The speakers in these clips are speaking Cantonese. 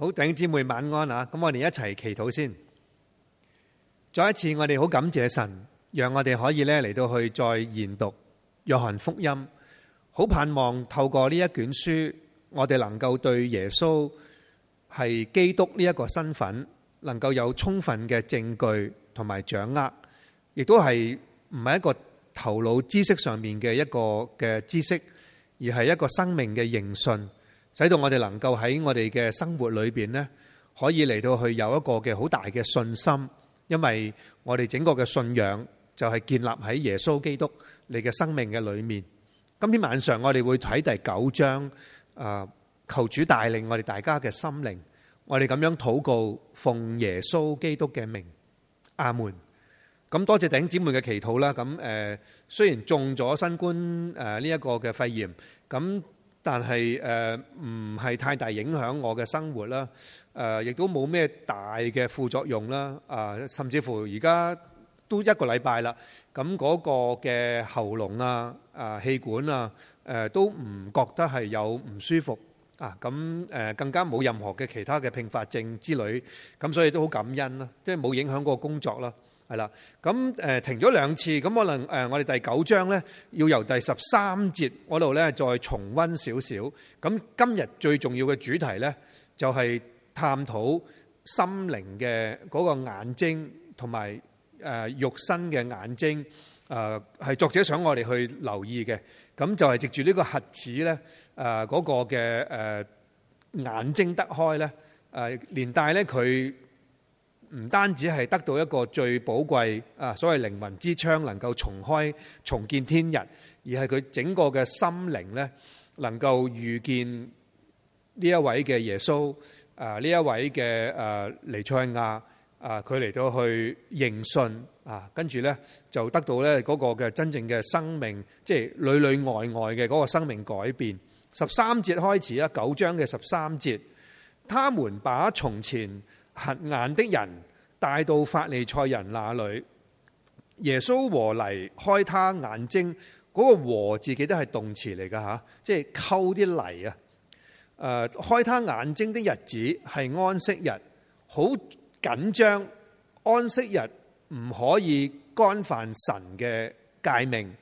好，弟兄姊妹晚安啊！咁我哋一齊祈禱先。再一次，我哋好感謝神，讓我哋可以呢嚟到去再研讀約翰福音。好盼望透過呢一卷書，我哋能夠對耶穌係基督呢一個身份，能夠有充分嘅證據同埋掌握，亦都係唔係一個頭腦知識上面嘅一個嘅知識，而係一個生命嘅認信。使到我哋能夠喺我哋嘅生活裏邊呢，可以嚟到去有一個嘅好大嘅信心，因為我哋整個嘅信仰就係建立喺耶穌基督你嘅生命嘅裏面。今天晚上我哋會睇第九章，啊，求主帶領我哋大家嘅心靈，我哋咁樣禱告，奉耶穌基督嘅名，阿門。咁多謝弟兄姊妹嘅祈禱啦。咁誒，雖然中咗新冠誒呢一個嘅肺炎，咁。但係誒唔係太大影響我嘅生活啦，誒亦都冇咩大嘅副作用啦，啊甚至乎而家都一個禮拜啦，咁嗰個嘅喉嚨啊、啊氣管啊，誒都唔覺得係有唔舒服啊，咁誒更加冇任何嘅其他嘅併發症之類，咁所以都好感恩啦，即係冇影響嗰個工作啦。係啦，咁誒、呃、停咗兩次，咁可能誒我哋、呃、第九章咧，要由第十三節嗰度咧再重溫少少。咁今日最重要嘅主題咧，就係、是、探討心靈嘅嗰個眼睛，同埋誒肉身嘅眼睛，誒係作者想我哋去留意嘅。咁就係藉住呢個核子咧，誒、呃、嗰、那個嘅誒、呃、眼睛得開咧，誒、呃、連帶咧佢。唔單止係得到一個最寶貴啊，所謂靈魂之窗能夠重開、重見天日，而係佢整個嘅心靈咧能夠遇見呢一位嘅耶穌啊，呢一位嘅誒彌賽亞啊，佢嚟到去認信啊，跟住呢，就得到呢嗰個嘅真正嘅生命，即係裏裏外外嘅嗰個生命改變。十三節開始啦，九章嘅十三節，他們把從前。瞎眼的人帶到法利賽人那裏，耶穌和泥開他眼睛，嗰、那個和字記得係動詞嚟噶吓，即係溝啲泥啊！誒，開他眼睛的日子係安息日，好緊張。安息日唔可以干犯神嘅誡命，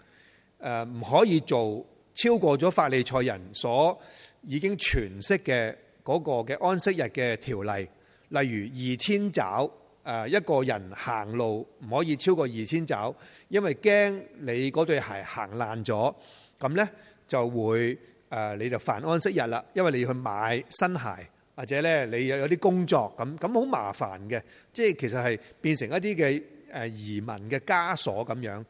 誒唔可以做超過咗法利賽人所已經詮釋嘅嗰個嘅安息日嘅條例。例如二千爪，誒一個人行路唔可以超過二千爪，因為驚你嗰對鞋行爛咗，咁咧就會誒你就犯安息日啦，因為你要去買新鞋，或者咧你又有啲工作咁，咁好麻煩嘅，即係其實係變成一啲嘅誒移民嘅枷鎖咁樣，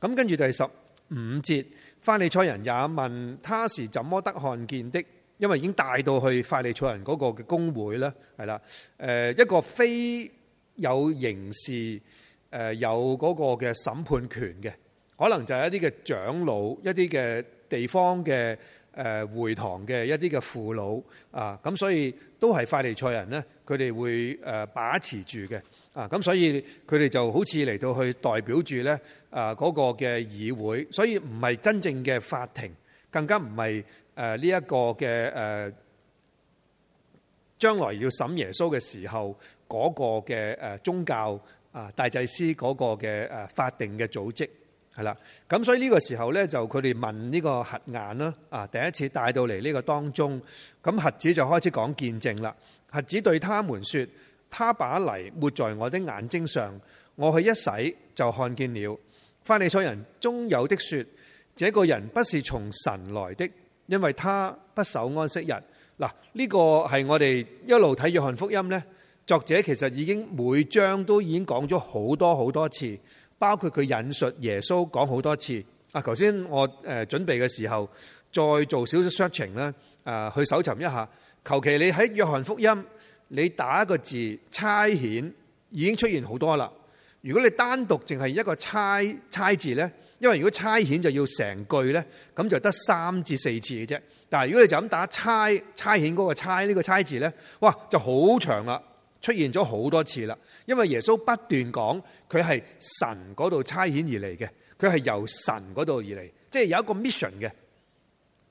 咁跟住第十五節，法利賽人也問他是怎麼得看見的？因為已經帶到去法利賽人嗰個嘅公會啦，係啦，誒一個非有刑事誒有嗰個嘅審判權嘅，可能就係一啲嘅長老，一啲嘅地方嘅誒會堂嘅一啲嘅父老啊，咁所以都係法利賽人呢，佢哋會誒把持住嘅啊，咁所以佢哋就好似嚟到去代表住呢啊嗰個嘅議會，所以唔係真正嘅法庭，更加唔係。誒呢一個嘅誒將來要審耶穌嘅時候，嗰、那個嘅誒、啊、宗教啊大祭司嗰個嘅誒、啊、法定嘅組織係啦。咁、嗯、所以呢個時候呢，就佢哋問呢個核眼啦啊，第一次帶到嚟呢個當中，咁、啊、核子就開始講見證啦。核子對他們說：，他把泥抹在我的眼睛上，我去一洗就看見了。法利賽人中有的説：，這個人不是從神來的。因為他不守安息日，嗱、這、呢個係我哋一路睇約翰福音呢，作者其實已經每章都已經講咗好多好多次，包括佢引述耶穌講好多次。啊，頭先我誒準備嘅時候，再做少少 searching 去搜尋一下，求其你喺約翰福音，你打一個字差遣已經出現好多啦。如果你單獨淨係一個差字呢。因為如果差遣就要成句咧，咁就得三至四次嘅啫。但係如果你就咁打差差遣嗰個差呢，呢個差字咧，哇就好長啦，出現咗好多次啦。因為耶穌不斷講佢係神嗰度差遣而嚟嘅，佢係由神嗰度而嚟，即係有一個 mission 嘅，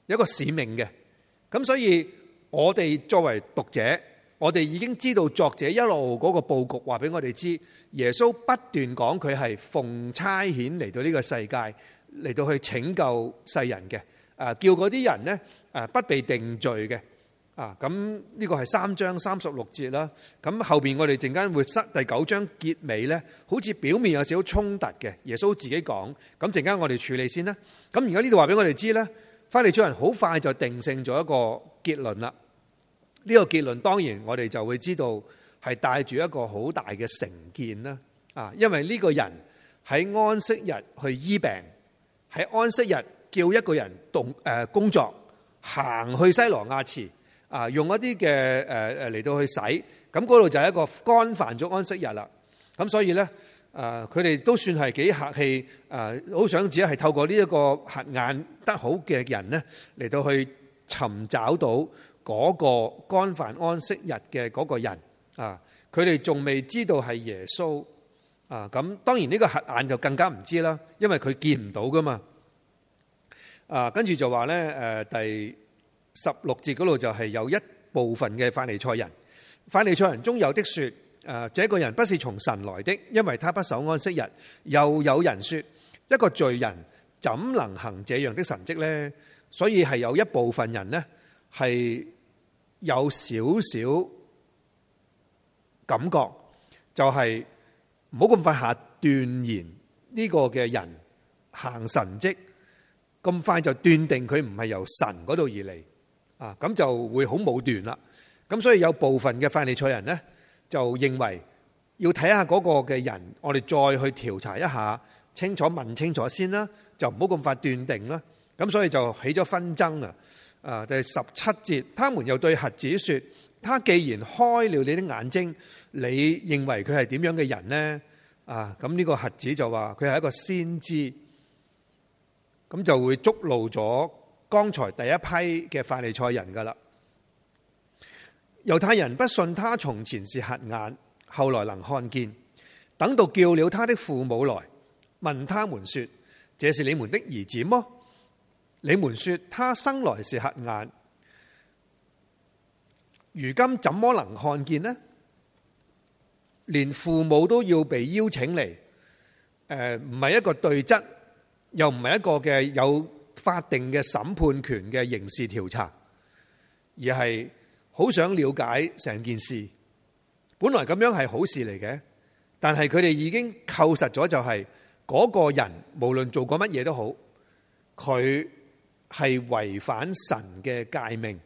有一個使命嘅。咁所以我哋作為讀者。我哋已經知道作者一路嗰個佈局，話俾我哋知，耶穌不斷講佢係奉差遣嚟到呢個世界，嚟到去拯救世人嘅。叫嗰啲人呢，不被定罪嘅。啊，咁、這、呢個係三章三十六節啦。咁、啊、後面我哋陣間會塞第九章結尾呢，好似表面有少少衝突嘅。耶穌自己講，咁陣間我哋處理先啦。咁而家呢度話俾我哋知呢，法利賽人好快就定性咗一個結論啦。呢、這個結論當然我哋就會知道係帶住一個好大嘅成見啦，啊，因為呢個人喺安息日去醫病，喺安息日叫一個人動誒、呃、工作，行去西羅亞池啊，用一啲嘅誒誒嚟到去洗，咁嗰度就係一個干犯咗安息日啦。咁所以咧，啊，佢哋都算係幾客氣，啊，好想只係透過呢一個核眼得好嘅人咧嚟到去尋找到嗰、那個乾犯安息日嘅嗰個人啊，佢哋仲未知道係耶穌啊。咁當然呢個瞎眼就更加唔知啦，因為佢見唔到噶嘛。啊，跟住就話呢，第十六節嗰度就係有一部分嘅法利賽人，法利賽人中有的説：誒，這個人不是從神來的，因為他不守安息日。又有人説：一個罪人怎能行這樣的神蹟呢？」所以係有一部分人呢。係。有少少感覺，就係唔好咁快下斷言呢個嘅人行神蹟，咁快就斷定佢唔係由神嗰度而嚟啊！咁就會好武斷啦。咁所以有部分嘅法利賽人咧，就認為要睇下嗰個嘅人，我哋再去調查一下，清楚問清楚先啦，就唔好咁快斷定啦。咁所以就起咗紛爭啊！啊！第十七節，他們又對瞎子說：他既然開了你的眼睛，你認為佢係點樣嘅人呢？啊！咁呢個瞎子就話：佢係一個先知。咁就會觸怒咗剛才第一批嘅法利賽人噶啦。猶太人不信他從前是瞎眼，後來能看見。等到叫了他的父母來，問他們說：這是你們的兒子麼？你們說他生來是瞎眼，如今怎麼能看見呢？連父母都要被邀請嚟，誒、呃，唔係一個對質，又唔係一個嘅有法定嘅審判權嘅刑事調查，而係好想了解成件事。本來咁樣係好事嚟嘅，但係佢哋已經扣實咗、就是，就係嗰個人無論做過乜嘢都好，佢。係違反神嘅誡命，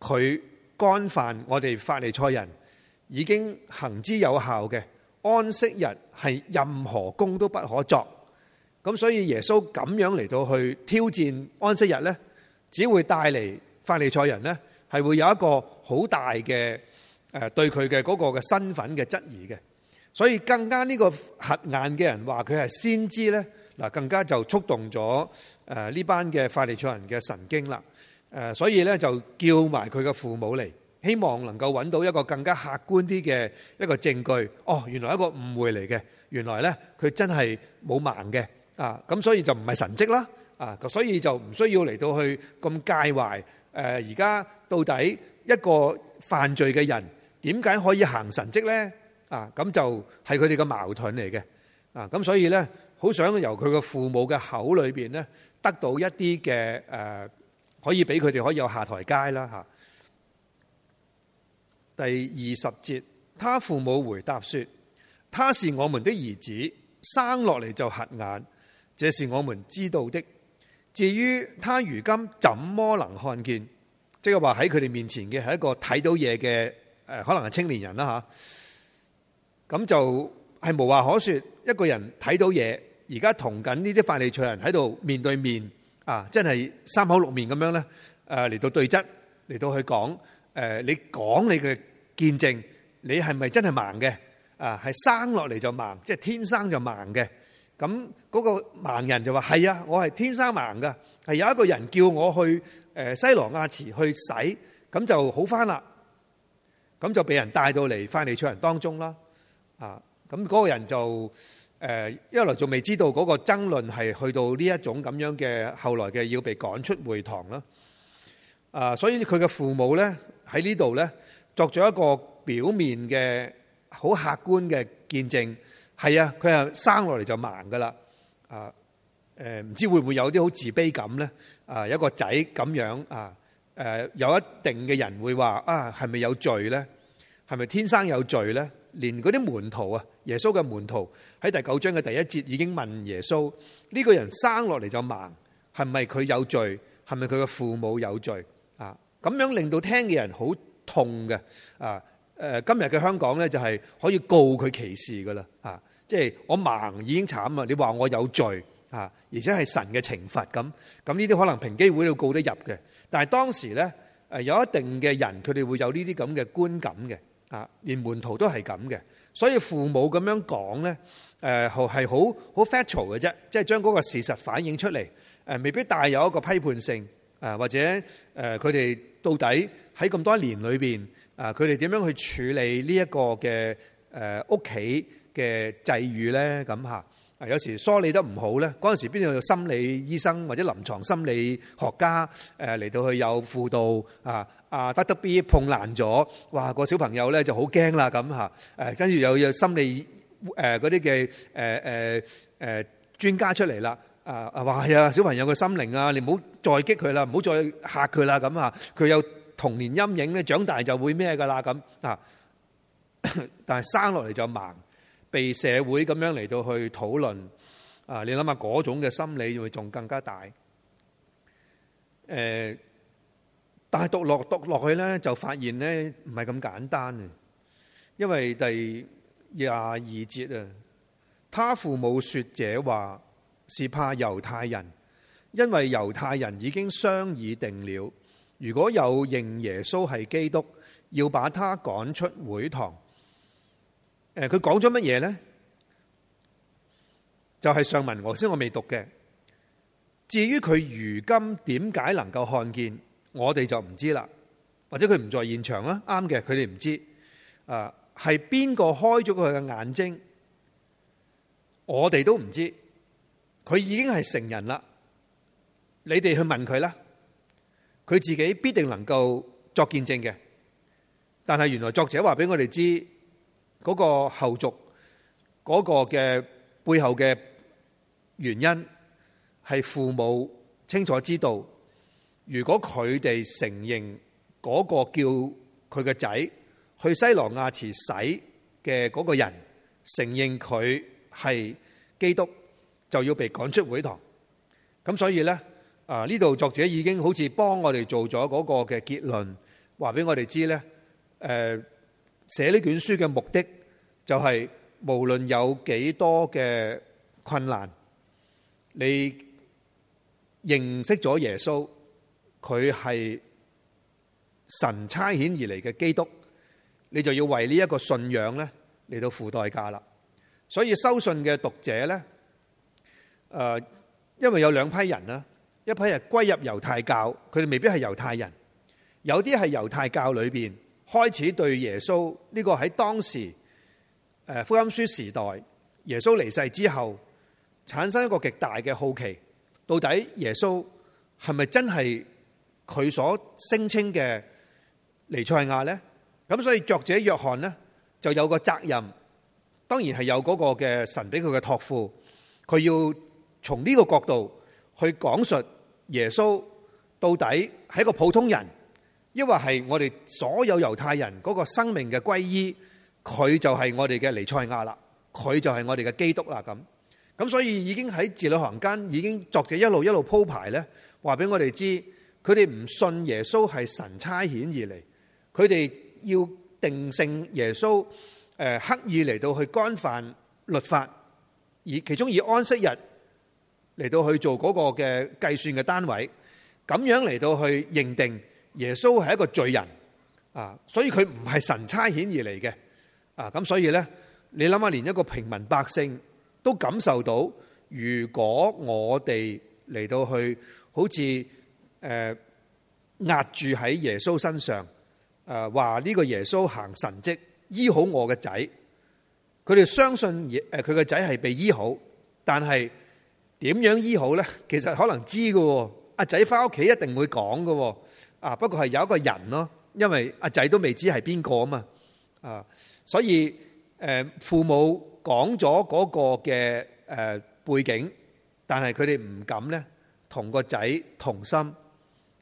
佢干犯我哋法利賽人已經行之有效嘅安息日係任何工都不可作，咁所以耶穌咁樣嚟到去挑戰安息日呢，只會帶嚟法利賽人呢，係會有一個好大嘅誒對佢嘅嗰個嘅身份嘅質疑嘅，所以更加呢個瞎眼嘅人話佢係先知呢，嗱更加就觸動咗。誒呢班嘅法利賽人嘅神經啦，誒所以咧就叫埋佢嘅父母嚟，希望能夠揾到一個更加客觀啲嘅一個證據。哦，原來一個誤會嚟嘅，原來咧佢真係冇盲嘅啊，咁所以就唔係神蹟啦啊，咁所以就唔需要嚟到去咁介懷。誒而家到底一個犯罪嘅人點解可以行神蹟咧？啊，咁就係佢哋嘅矛盾嚟嘅。啊，咁所以咧好想由佢嘅父母嘅口裏邊咧。得到一啲嘅誒，可以俾佢哋可以有下台階啦嚇。第二十節，他父母回答說：他是我們的兒子，生落嚟就瞎眼，這是我們知道的。至於他如今怎麼能看見，即係話喺佢哋面前嘅係一個睇到嘢嘅誒，可能係青年人啦嚇。咁就係無話可說，一個人睇到嘢。而家同緊呢啲法利賽人喺度面對面啊！真係三口六面咁樣咧，誒嚟到對質，嚟到去講誒，你講你嘅見證，你係咪真係盲嘅？啊，係生落嚟就盲，即係天生就盲嘅。咁嗰個盲人就話：係啊，我係天生盲噶。係有一個人叫我去誒西羅亞池去洗，咁就好翻啦。咁就畀人帶到嚟法利賽人當中啦。啊，咁嗰個人就。誒、uh, 一來仲未知道嗰個爭論係去到呢一種咁樣嘅後來嘅要被趕出會堂啦，啊、uh,！所以佢嘅父母咧喺呢度咧作咗一個表面嘅好客觀嘅見證。係啊，佢係生落嚟就盲噶啦。啊誒，唔知會唔會有啲好自卑感咧、uh, uh,？啊，一個仔咁樣啊誒，有一定嘅人會話啊，係咪有罪咧？係咪天生有罪咧？連嗰啲門徒啊～耶穌嘅門徒喺第九章嘅第一節已經問耶穌：呢個人生落嚟就盲，係咪佢有罪？係咪佢嘅父母有罪？啊，咁樣令到聽嘅人好痛嘅。啊，誒，今日嘅香港咧就係可以告佢歧視噶啦。啊，即係我盲已經慘啊，你話我有罪啊，而且係神嘅懲罰咁。咁呢啲可能平機會都告得入嘅。但係當時咧，誒，有一定嘅人，佢哋會有呢啲咁嘅觀感嘅。啊，連門徒都係咁嘅。所以父母咁樣講咧，誒、呃、係係好好 factual 嘅啫，即係將嗰個事實反映出嚟，誒未必帶有一個批判性，誒、呃、或者誒佢哋到底喺咁多年裏邊，誒佢哋點樣去處理這個的、呃、家的呢一個嘅誒屋企嘅際遇咧？咁嚇、啊，有時梳理得唔好咧，嗰陣時邊度有心理醫生或者臨床心理學家誒嚟、啊、到去有輔導啊？啊，得得 B 碰爛咗，哇！個小朋友咧就好驚啦咁吓，誒跟住又有心理誒嗰啲嘅誒誒誒專家出嚟啦，啊啊話係啊，小朋友嘅心靈啊，你唔好再激佢啦，唔好再嚇佢啦咁吓，佢有童年陰影咧，長大就會咩㗎啦咁啊，但係生落嚟就盲，被社會咁樣嚟到去討論啊，你諗下嗰種嘅心理會仲更加大，誒。但係讀落讀落去咧，就發現咧唔係咁簡單。因為第廿二節啊，他父母說這話是怕猶太人，因為猶太人已經商議定了，如果有認耶穌係基督，要把他趕出會堂。誒，佢講咗乜嘢咧？就係、是、上文我，我先我未讀嘅。至於佢如今點解能夠看見？我哋就唔知啦，或者佢唔在現場啦，啱嘅，佢哋唔知。誒，係邊個開咗佢嘅眼睛，我哋都唔知。佢已經係成人啦，你哋去問佢啦，佢自己必定能夠作見證嘅。但係原來作者話俾我哋知，嗰個後續嗰個嘅背後嘅原因係父母清楚知道。如果佢哋承認嗰個叫佢個仔去西羅亞池洗嘅嗰個人承認佢係基督，就要被趕出會堂。咁所以呢，啊呢度作者已經好似幫我哋做咗嗰個嘅結論，話俾我哋知呢，誒，寫呢卷書嘅目的就係、是、無論有幾多嘅困難，你認識咗耶穌。佢係神差遣而嚟嘅基督，你就要為呢一個信仰咧嚟到付代價啦。所以收信嘅讀者呢，誒，因為有兩批人啦，一批人歸入猶太教，佢哋未必係猶太人，有啲係猶太教裏邊開始對耶穌呢個喺當時誒，福音書時代耶穌離世之後產生一個極大嘅好奇，到底耶穌係咪真係？佢所聲稱嘅彌賽亞呢，咁所以作者約翰呢就有個責任，當然係有嗰個嘅神俾佢嘅託付，佢要從呢個角度去講述耶穌到底係一個普通人，抑或係我哋所有猶太人嗰個生命嘅歸依，佢就係我哋嘅彌賽亞啦，佢就係我哋嘅基督啦。咁咁所以已經喺字裡行間已經作者一路一路鋪排呢，話俾我哋知。佢哋唔信耶穌係神差遣而嚟，佢哋要定性耶穌誒刻意嚟到去干犯律法，而其中以安息日嚟到去做嗰個嘅計算嘅單位，咁樣嚟到去認定耶穌係一個罪人啊，所以佢唔係神差遣而嚟嘅啊，咁所以呢，你諗下，連一個平民百姓都感受到，如果我哋嚟到去好似。誒，壓住喺耶穌身上，誒話呢個耶穌行神蹟，醫好我嘅仔。佢哋相信，誒佢個仔係被醫好，但係點樣醫好咧？其實可能知㗎，阿仔翻屋企一定會講㗎，啊，不過係有一個人咯，因為阿仔都未知係邊個啊嘛，啊，所以誒父母講咗嗰個嘅誒背景，但係佢哋唔敢咧同個仔同心。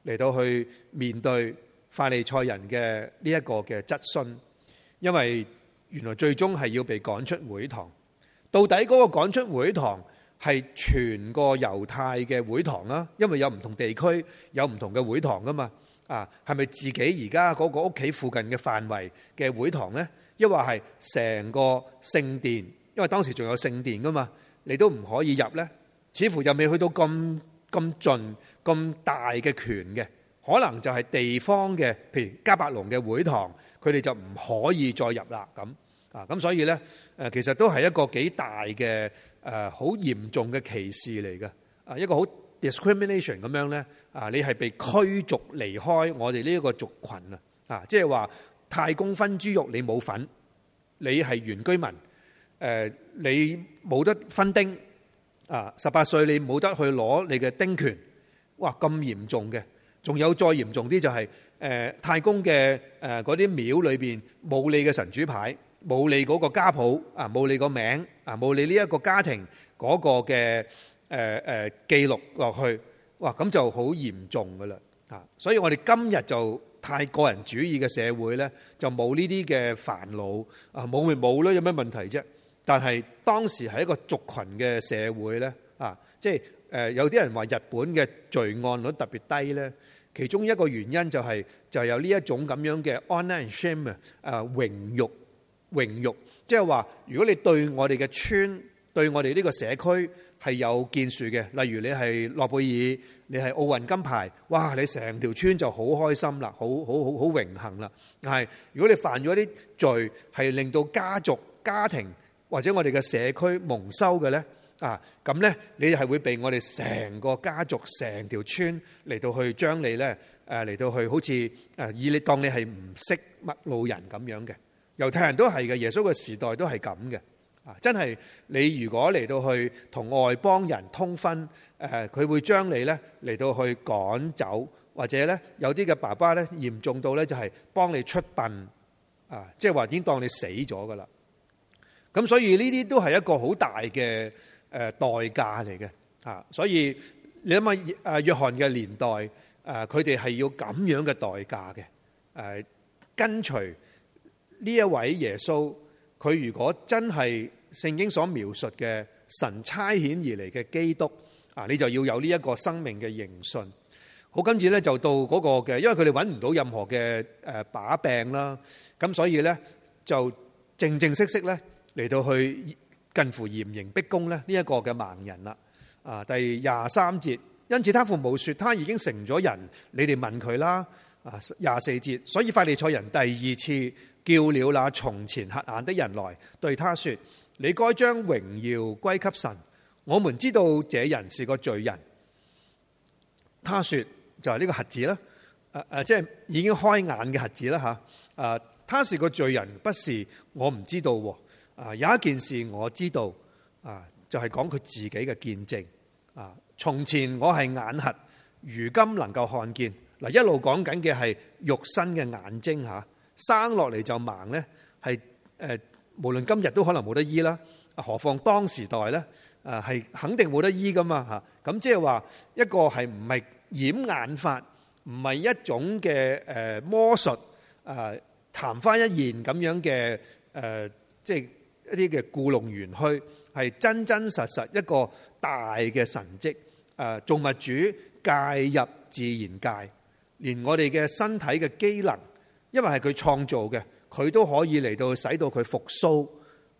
嚟到去面對法利賽人嘅呢一個嘅質詢，因為原來最終係要被趕出會堂。到底嗰個趕出會堂係全個猶太嘅會堂啊，因為有唔同地區有唔同嘅會堂噶嘛。啊，係咪自己而家嗰個屋企附近嘅範圍嘅會堂呢？抑或係成個聖殿？因為當時仲有聖殿噶嘛，你都唔可以入呢，似乎又未去到咁咁盡。咁大嘅權嘅，可能就係地方嘅，譬如迦百農嘅會堂，佢哋就唔可以再入啦。咁啊，咁所以呢，呃、其實都係一個幾大嘅誒，好、呃、嚴重嘅歧視嚟嘅。啊，一個好 discrimination 咁樣呢，啊，你係被驅逐離開我哋呢一個族群。啊。啊，即係話太公分豬肉，你冇份，你係原居民，呃、你冇得分丁啊，十八歲你冇得去攞你嘅丁權。哇，咁嚴重嘅，仲有再嚴重啲就係誒太公嘅誒嗰啲廟裏邊冇你嘅神主牌，冇你嗰個家譜啊，冇你個名啊，冇你呢一個家庭嗰個嘅誒誒記錄落去，哇咁就好嚴重㗎喇啊！所以我哋今日就太個人主義嘅社會咧，就冇呢啲嘅煩惱啊，冇咪冇咯，有咩問題啫？但係當時係一個族群嘅社會咧啊，即係。誒有啲人話日本嘅罪案率特別低呢，其中一個原因就係、是、就有呢一種咁樣嘅 online shame 啊，榮辱榮辱，即係話如果你對我哋嘅村對我哋呢個社區係有建樹嘅，例如你係諾貝爾，你係奧運金牌，哇！你成條村就好開心啦，好好好好榮幸啦。但係如果你犯咗啲罪，係令到家族、家庭或者我哋嘅社區蒙羞嘅呢。啊，咁呢你係會被我哋成個家族、成條村嚟到去將、啊啊啊啊、將你呢，誒嚟到去好似誒以你當你係唔識陌路人咁樣嘅猶太人都係嘅，耶穌嘅時代都係咁嘅啊！真係你如果嚟到去同外邦人通婚誒，佢會將你呢嚟到去趕走，或者呢，有啲嘅爸爸呢，嚴重到呢，就係幫你出殯啊，即係話已經當你死咗噶啦。咁、啊、所以呢啲都係一個好大嘅。誒代價嚟嘅嚇，所以你諗下，誒約翰嘅年代，誒佢哋係要咁樣嘅代價嘅，誒跟隨呢一位耶穌，佢如果真係聖經所描述嘅神差遣而嚟嘅基督，啊，你就要有呢一個生命嘅認信。好，跟住咧就到嗰、那個嘅，因為佢哋搵唔到任何嘅誒把柄啦，咁所以咧就正正式式咧嚟到去。近乎嚴刑逼供呢，呢、呢、一個嘅盲人啦，啊，第廿三節，因此他父母說他已經成咗人，你哋問佢啦，啊，廿四節，所以法利賽人第二次叫了那從前瞎眼的人來，對他說：你該將榮耀歸給神。我們知道這人是個罪人。他說就係呢個瞎子啦，誒即係已經開眼嘅瞎子啦吓，誒、啊，他是個罪人，不是我唔知道、啊。啊，有一件事我知道，啊，就係講佢自己嘅見證。啊，從前我係眼瞎，如今能夠看見。嗱，一路講緊嘅係肉身嘅眼睛嚇，生落嚟就盲咧，係誒、呃，無論今日都可能冇得醫啦，何況當時代咧，誒、呃、係肯定冇得醫㗎嘛嚇。咁、啊、即係話一個係唔係掩眼法，唔係一種嘅誒、呃、魔術。啊、呃，談返一言咁樣嘅誒、呃，即係。一啲嘅故弄玄虛，係真真實實一個大嘅神蹟。誒，造物主介入自然界，連我哋嘅身體嘅機能，因為係佢創造嘅，佢都可以嚟到使到佢復甦。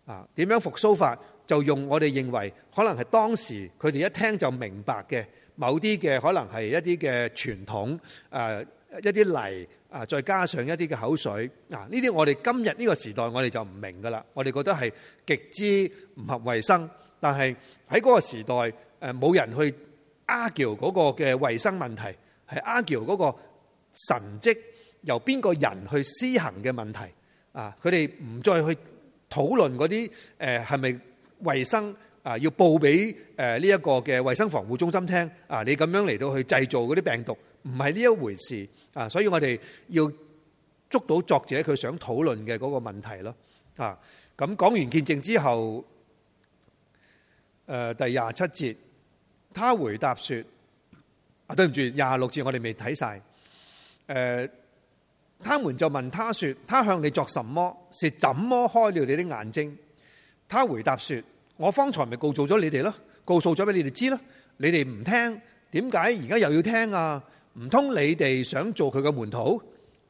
啊，點樣復甦法？就用我哋認為可能係當時佢哋一聽就明白嘅某啲嘅，可能係一啲嘅傳統，誒一啲例。啊，再加上一啲嘅口水，嗱呢啲我哋今日呢個時代我哋就唔明㗎喇，我哋覺得係極之唔合衞生，但係喺嗰個時代，誒冇人去 argue 嗰個嘅衞生問題，係 argue 嗰個神蹟由邊個人去施行嘅問題啊！佢哋唔再去討論嗰啲誒係咪衞生啊，要報俾誒呢一個嘅衞生防護中心聽啊！你咁樣嚟到去製造嗰啲病毒，唔係呢一回事。啊！所以我哋要捉到作者佢想討論嘅嗰個問題咯。啊，咁講完見證之後，誒第廿七節，他回答說：啊，對唔住，廿六節我哋未睇晒。誒，他們就問他說：他向你作什麼？是怎麼開了你的眼睛？他回答說：我方才咪告訴咗你哋咯，告訴咗俾你哋知咯，你哋唔聽，點解而家又要聽啊？唔通你哋想做佢嘅門徒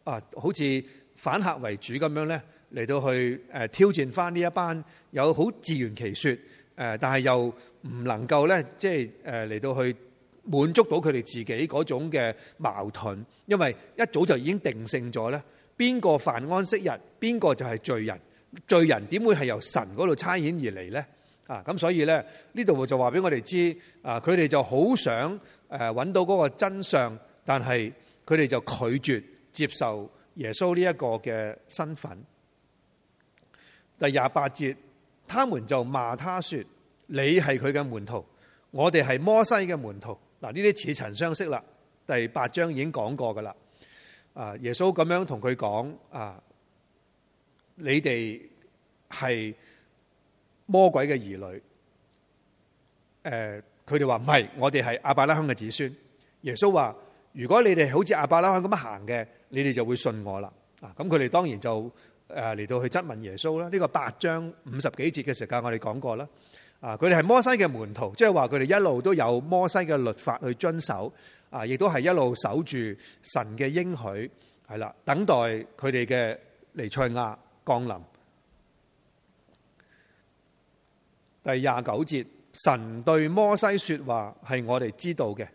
啊？好似反客為主咁樣呢，嚟到去挑戰翻呢一班有好自圓其説，但係又唔能夠呢，即係嚟到去滿足到佢哋自己嗰種嘅矛盾，因為一早就已經定性咗呢，邊個犯安息日，邊個就係罪人，罪人點會係由神嗰度差遣而嚟呢？啊，咁所以呢，呢度就話俾我哋知啊，佢哋就好想搵到嗰個真相。但係佢哋就拒絕接受耶穌呢一個嘅身份。第廿八節，他們就罵他說：你係佢嘅門徒，我哋係摩西嘅門徒。嗱，呢啲似曾相識啦。第八章已經講過噶啦。啊，耶穌咁樣同佢講啊，你哋係魔鬼嘅兒女。誒，佢哋話唔係，我哋係亞伯拉罕嘅子孫。耶穌話。如果你哋好似亞伯拉罕咁樣行嘅，你哋就會信我啦。啊，咁佢哋當然就誒嚟、啊、到去質問耶穌啦。呢、這個八章五十幾節嘅時間，我哋講過啦。啊，佢哋係摩西嘅門徒，即係話佢哋一路都有摩西嘅律法去遵守。啊，亦都係一路守住神嘅應許，係啦，等待佢哋嘅彌賽亞降臨。第廿九節，神對摩西說話，係我哋知道嘅，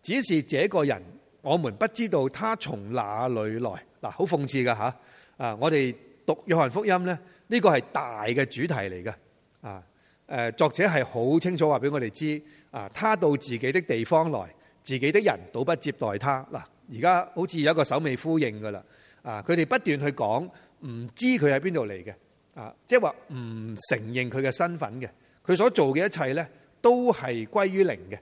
只是這個人，我們不知道他從哪裏來，嗱，好諷刺噶吓，啊，我哋讀約翰福音咧，呢個係大嘅主題嚟嘅，啊，誒，作者係好清楚話俾我哋知，啊，他到自己的地方來，自己的人倒不接待他，嗱，而家好似有一個首尾呼應噶啦，啊，佢哋不斷去講，唔知佢喺邊度嚟嘅，啊，即係話唔承認佢嘅身份嘅，佢所做嘅一切咧，都係歸於零嘅。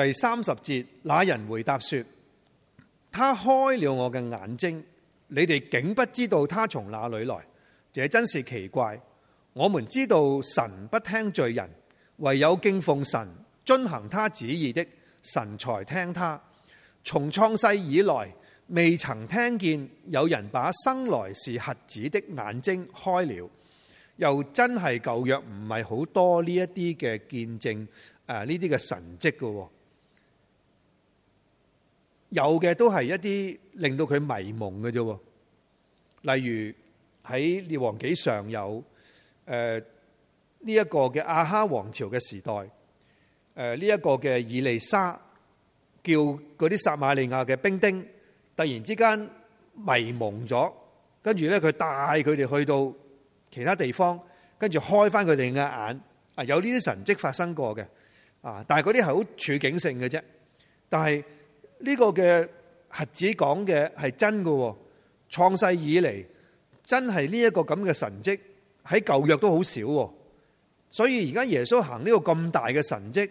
第三十節，那人回答說：他開了我嘅眼睛，你哋竟不知道他從哪裏來，這真是奇怪。我們知道神不聽罪人，唯有敬奉神、遵行他旨意的，神才聽他。從創世以來，未曾聽見有人把生來是瞎子的眼睛開了。又真係舊約唔係好多呢一啲嘅見證，誒呢啲嘅神蹟嘅。有嘅都係一啲令到佢迷蒙嘅啫，例如喺列王紀上，有誒呢一個嘅亞哈王朝嘅時代，誒呢一個嘅以利沙叫嗰啲撒瑪利亞嘅兵丁突然之間迷蒙咗，跟住咧佢帶佢哋去到其他地方，跟住開返佢哋嘅眼啊，有呢啲神跡發生過嘅啊，但係嗰啲係好處境性嘅啫，但係。呢、這個嘅瞎子講嘅係真㗎。哦，創世以嚟真係呢一個咁嘅神蹟喺舊約都好少。哦，所以而家耶穌行呢個咁大嘅神蹟，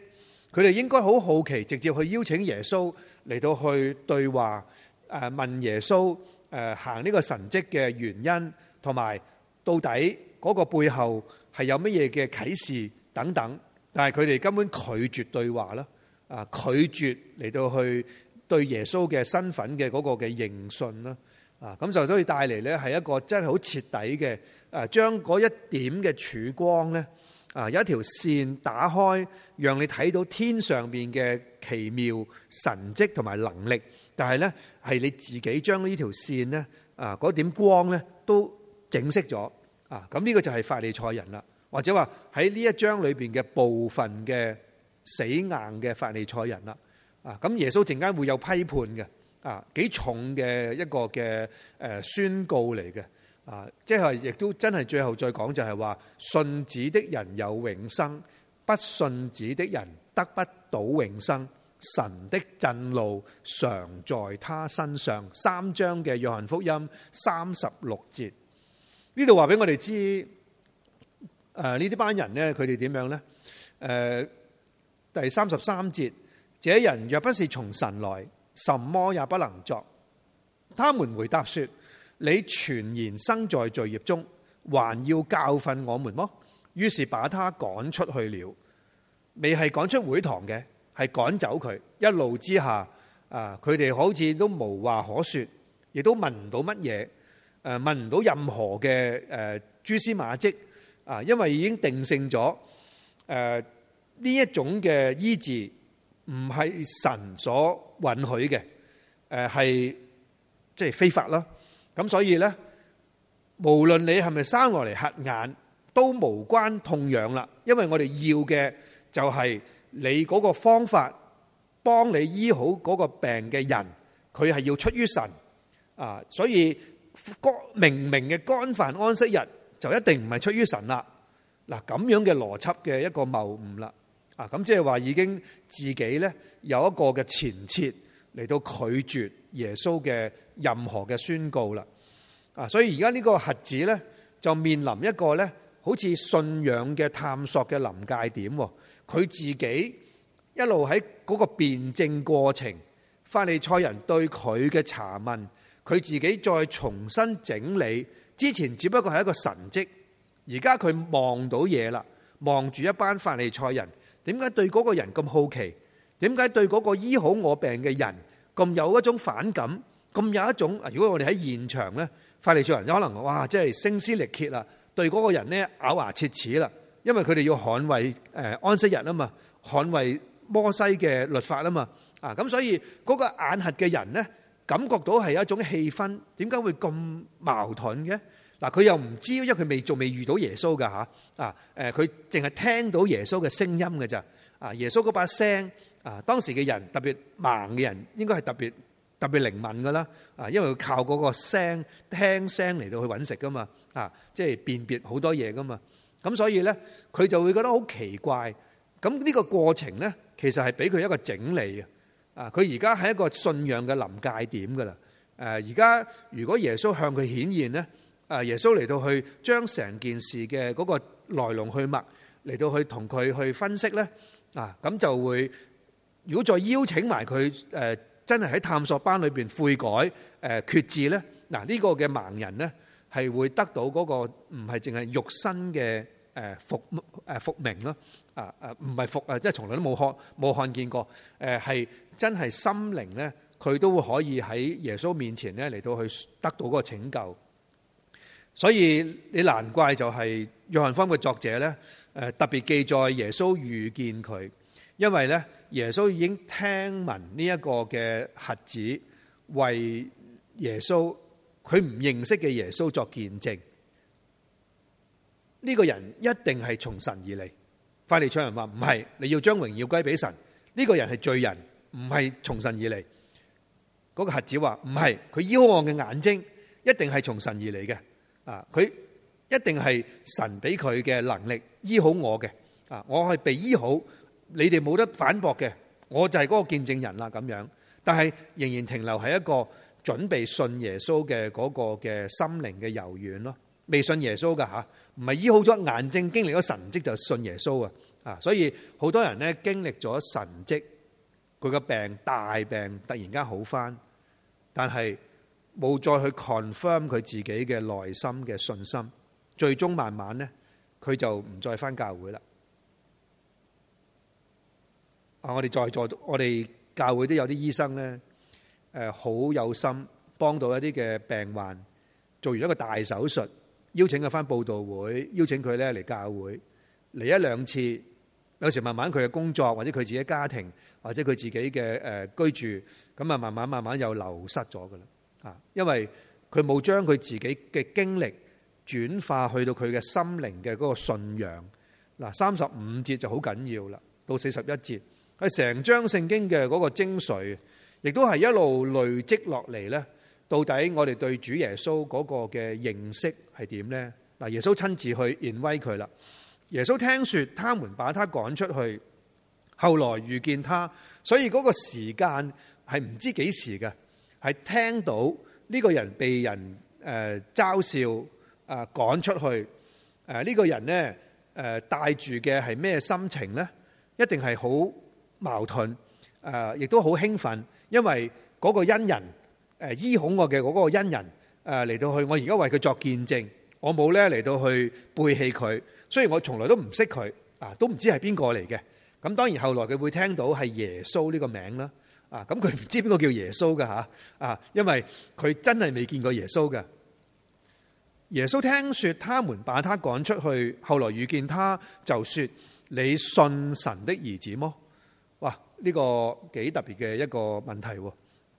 佢哋應該好好奇，直接去邀請耶穌嚟到去對話，誒問耶穌誒行呢個神蹟嘅原因，同埋到底嗰個背後係有乜嘢嘅啟示等等，但係佢哋根本拒絕對話啦，啊拒絕嚟到去。對耶穌嘅身份嘅嗰個嘅認信啦，啊咁就所以帶嚟呢係一個真係好徹底嘅，誒將嗰一點嘅曙光呢啊有一條線打開，讓你睇到天上邊嘅奇妙神蹟同埋能力，但係呢，係你自己將呢條線呢啊嗰點光呢都整熄咗，啊咁呢個就係法利賽人啦，或者話喺呢一章裏邊嘅部分嘅死硬嘅法利賽人啦。啊！咁耶穌陣間會有批判嘅，啊幾重嘅一個嘅誒宣告嚟嘅，啊即係亦都真係最後再講就係話信子的人有永生，不信子的人得不到永生。神的震怒常在他身上。三章嘅約翰福音三十六節呢度話俾我哋知，誒呢啲班人呢，佢哋點樣呢？誒、呃、第三十三節。這人若不是從神來，什麼也不能作。他們回答說：你全然生在罪孽中，還要教訓我們麼？於是把他趕出去了。未係趕出會堂嘅，係趕走佢。一怒之下，啊，佢哋好似都無話可説，亦都問唔到乜嘢，誒問唔到任何嘅誒蛛絲馬跡，啊，因為已經定性咗。誒、呃、呢一種嘅醫治。唔係神所允許嘅，誒係即係非法啦。咁所以咧，無論你係咪生落嚟瞎眼，都無關痛癢啦。因為我哋要嘅就係你嗰個方法，幫你醫好嗰個病嘅人，佢係要出於神啊。所以干明明嘅干犯安息日就一定唔係出於神啦。嗱，咁樣嘅邏輯嘅一個謬誤啦。啊，咁即係話已經自己呢有一個嘅前設嚟到拒絕耶穌嘅任何嘅宣告啦。啊，所以而家呢個瞎子呢，就面臨一個呢好似信仰嘅探索嘅臨界點。佢自己一路喺嗰個辯證過程，法利賽人對佢嘅查問，佢自己再重新整理之前，只不過係一個神跡。而家佢望到嘢啦，望住一班法利賽人。點解對嗰個人咁好奇？點解對嗰個醫好我病嘅人咁有一種反感？咁有一種，如果我哋喺現場咧，法利賽人有可能哇，即係聲嘶力竭啦，對嗰個人咧咬牙切齒啦，因為佢哋要捍衛誒安息日啊嘛，捍衛摩西嘅律法啊嘛，啊咁所以嗰個眼瞎嘅人咧，感覺到係一種氣氛，點解會咁矛盾嘅？嗱，佢又唔知，因為佢未仲未遇到耶穌噶嚇啊，誒佢淨係聽到耶穌嘅聲音噶咋啊，耶穌嗰把聲啊，當時嘅人，特別盲嘅人應該係特別特別靈敏噶啦啊，因為佢靠嗰個聲聽聲嚟到去揾食噶嘛啊，即係辨別好多嘢噶嘛，咁所以咧佢就會覺得好奇怪。咁呢個過程咧，其實係俾佢一個整理啊，佢而家係一個信仰嘅臨界點噶啦。誒而家如果耶穌向佢顯現咧？啊！耶穌嚟到去將成件事嘅嗰個來龍去脈嚟到去同佢去分析咧啊，咁就會如果再邀請埋佢誒，真係喺探索班裏邊悔改誒決志咧嗱，呃、呢、啊呢個嘅盲人咧係會得到嗰、嗰個唔係淨係肉身嘅誒復誒復明咯啊啊，唔係復啊，即係從來都冇看冇看見過誒，係、呃、真係心靈咧，佢都會可以喺耶穌面前咧嚟到去得到嗰個拯救。所以你難怪就係約翰福音嘅作者咧，誒特別記載耶穌遇見佢，因為咧耶穌已經聽聞呢一個嘅瞎子為耶穌佢唔認識嘅耶穌作見證，呢、這個人一定係從神而嚟。法利賽人話唔係，你要將榮耀歸俾神。呢、這個人係罪人，唔係從神而嚟。嗰、那個瞎子話唔係，佢幽暗嘅眼睛一定係從神而嚟嘅。啊！佢一定係神俾佢嘅能力醫好我嘅，啊！我係被醫好，你哋冇得反駁嘅，我就係嗰個見證人啦咁樣。但係仍然停留喺一個準備信耶穌嘅嗰個嘅心靈嘅柔軟咯，未信耶穌噶吓，唔係醫好咗，眼症，經歷咗神蹟就信耶穌啊！啊，所以好多人咧經歷咗神蹟，佢個病大病突然間好返，但係，冇再去 confirm 佢自己嘅內心嘅信心，最終慢慢咧，佢就唔再翻教會啦。啊，我哋在座，我哋教會都有啲醫生咧，誒，好有心幫到一啲嘅病患，做完一個大手術，邀請佢翻佈道會，邀請佢咧嚟教會嚟一兩次，有時慢慢佢嘅工作或者佢自己的家庭或者佢自己嘅誒居住，咁啊慢慢慢慢又流失咗噶啦。啊！因為佢冇將佢自己嘅經歷轉化去到佢嘅心靈嘅個信仰。嗱，三十五節就好緊要啦，到四十一節，係成章聖經嘅嗰個精髓，亦都係一路累積落嚟呢。到底我哋對主耶穌嗰個嘅認識係點呢？嗱，耶穌親自去認威佢啦。耶穌聽說他們把他趕出去，後來遇見他，所以嗰個時間係唔知幾時嘅。係聽到呢個人被人誒，嘲笑啊，趕出去，誒呢個人咧，誒帶住嘅係咩心情呢？一定係好矛盾，誒，亦都好興奮，因為嗰個恩人，誒醫好我嘅嗰個恩人，誒嚟到去，我而家為佢作見證，我冇咧，嚟到去背棄佢，雖然我從來都唔識佢啊，都唔知係邊個嚟嘅。咁當然後來佢會聽到係耶穌呢個名啦。啊！咁佢唔知邊個叫耶穌噶吓，啊！因為佢真係未見過耶穌噶。耶穌聽說他們把他趕出去，後來遇見他，就說：你信神的兒子麼？哇！呢個幾特別嘅一個問題喎。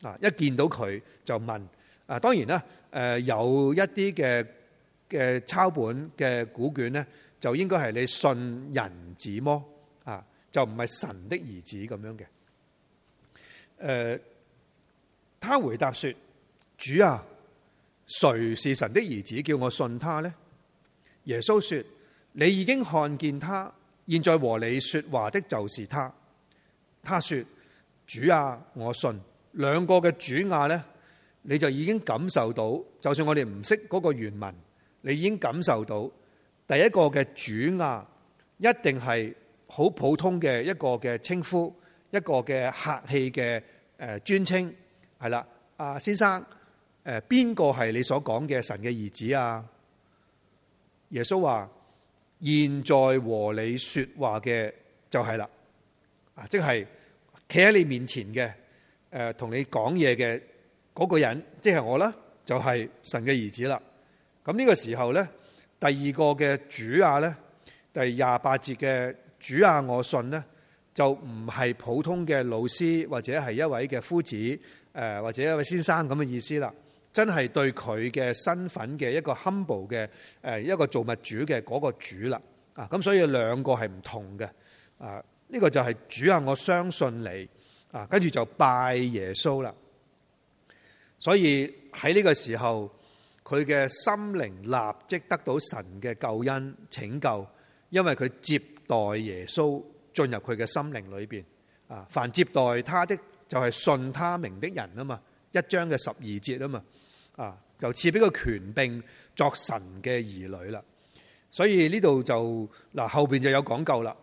啊！一見到佢就問。啊！當然啦，誒，有一啲嘅嘅抄本嘅古卷咧，就應該係你信人子麼？啊，就唔係神的兒子咁樣嘅。誒、呃，他回答說：主啊，誰是神的兒子？叫我信他呢？」耶穌說：你已經看見他，現在和你說話的就是他。他說：主啊，我信。兩個嘅主啊、啊、呢，你就已經感受到，就算我哋唔識嗰個原文，你已經感受到第一個嘅主啊、啊、一定係好普通嘅一個嘅稱呼。一個嘅客氣嘅誒尊稱係啦，阿先生，誒邊個係你所講嘅神嘅兒子啊？耶穌話：現在和你說話嘅就係啦，啊即係企喺你面前嘅，誒同你講嘢嘅嗰個人，即係我啦，就係神嘅兒子啦。咁呢個時候咧，第二個嘅主啊咧，第廿八節嘅主啊，我信咧。就唔係普通嘅老師或者係一位嘅夫子，誒或者一位先生咁嘅意思啦。真係對佢嘅身份嘅一個 humble 嘅誒一個造物主嘅嗰個主啦。啊，咁所以兩個係唔同嘅。啊，呢個就係主啊，我相信你。啊，跟住就拜耶穌啦。所以喺呢個時候，佢嘅心靈立即得到神嘅救恩拯救，因為佢接待耶穌。進入佢嘅心靈裏邊啊！凡接待他的，就係信他名的人啊嘛，一章嘅十二節啊嘛，啊就賜俾個權柄作神嘅兒女啦。所以呢度就嗱後邊就有講究啦。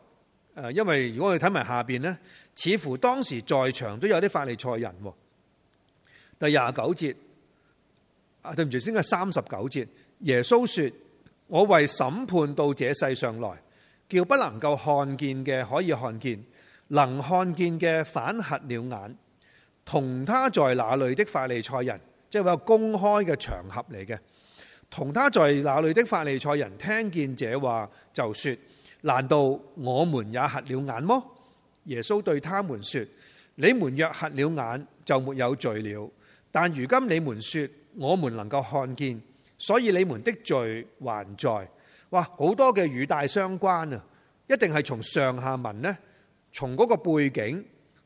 誒，因為如果我哋睇埋下邊呢，似乎當時在場都有啲法利賽人第。第廿九節啊，對唔住，先係三十九節。耶穌說：我為審判到這世上來。叫不能夠看見嘅可以看見，能看見嘅反瞎了眼。同他在那裏的法利賽人，即係話公開嘅場合嚟嘅。同他在那裏的法利賽人聽見這話，就說：難道我們也瞎了眼麼？耶穌對他們說：你們若瞎了眼，就沒有罪了。但如今你們說，我們能夠看見，所以你們的罪還在。哇！好多嘅語帶相關啊，一定係從上下文咧，從嗰個背景，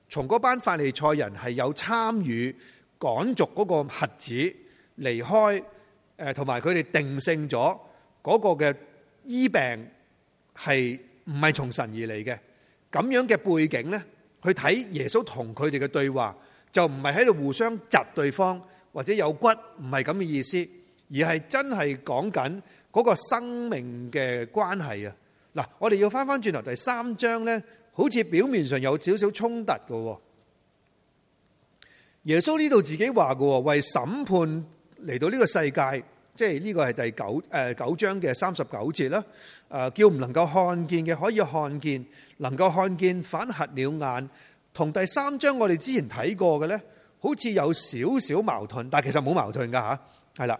從嗰班法利賽人係有參與趕逐嗰個瞎子離開，誒同埋佢哋定性咗嗰、嗰個嘅醫病係唔係從神而嚟嘅？咁樣嘅背景咧，去睇耶穌同佢哋嘅對話，就唔係喺度互相窒對方或者有骨，唔係咁嘅意思，而係真係講緊。嗰、那個生命嘅關係啊，嗱，我哋要翻翻轉頭，第三章咧，好似表面上有少少衝突嘅。耶穌呢度自己話嘅，為審判嚟到呢個世界，即係呢個係第九誒九章嘅三十九節啦。誒，叫唔能夠看見嘅可以看見，能夠看見反瞎了眼。同第三章我哋之前睇過嘅咧，好似有少少矛盾，但係其實冇矛盾噶吓，係啦。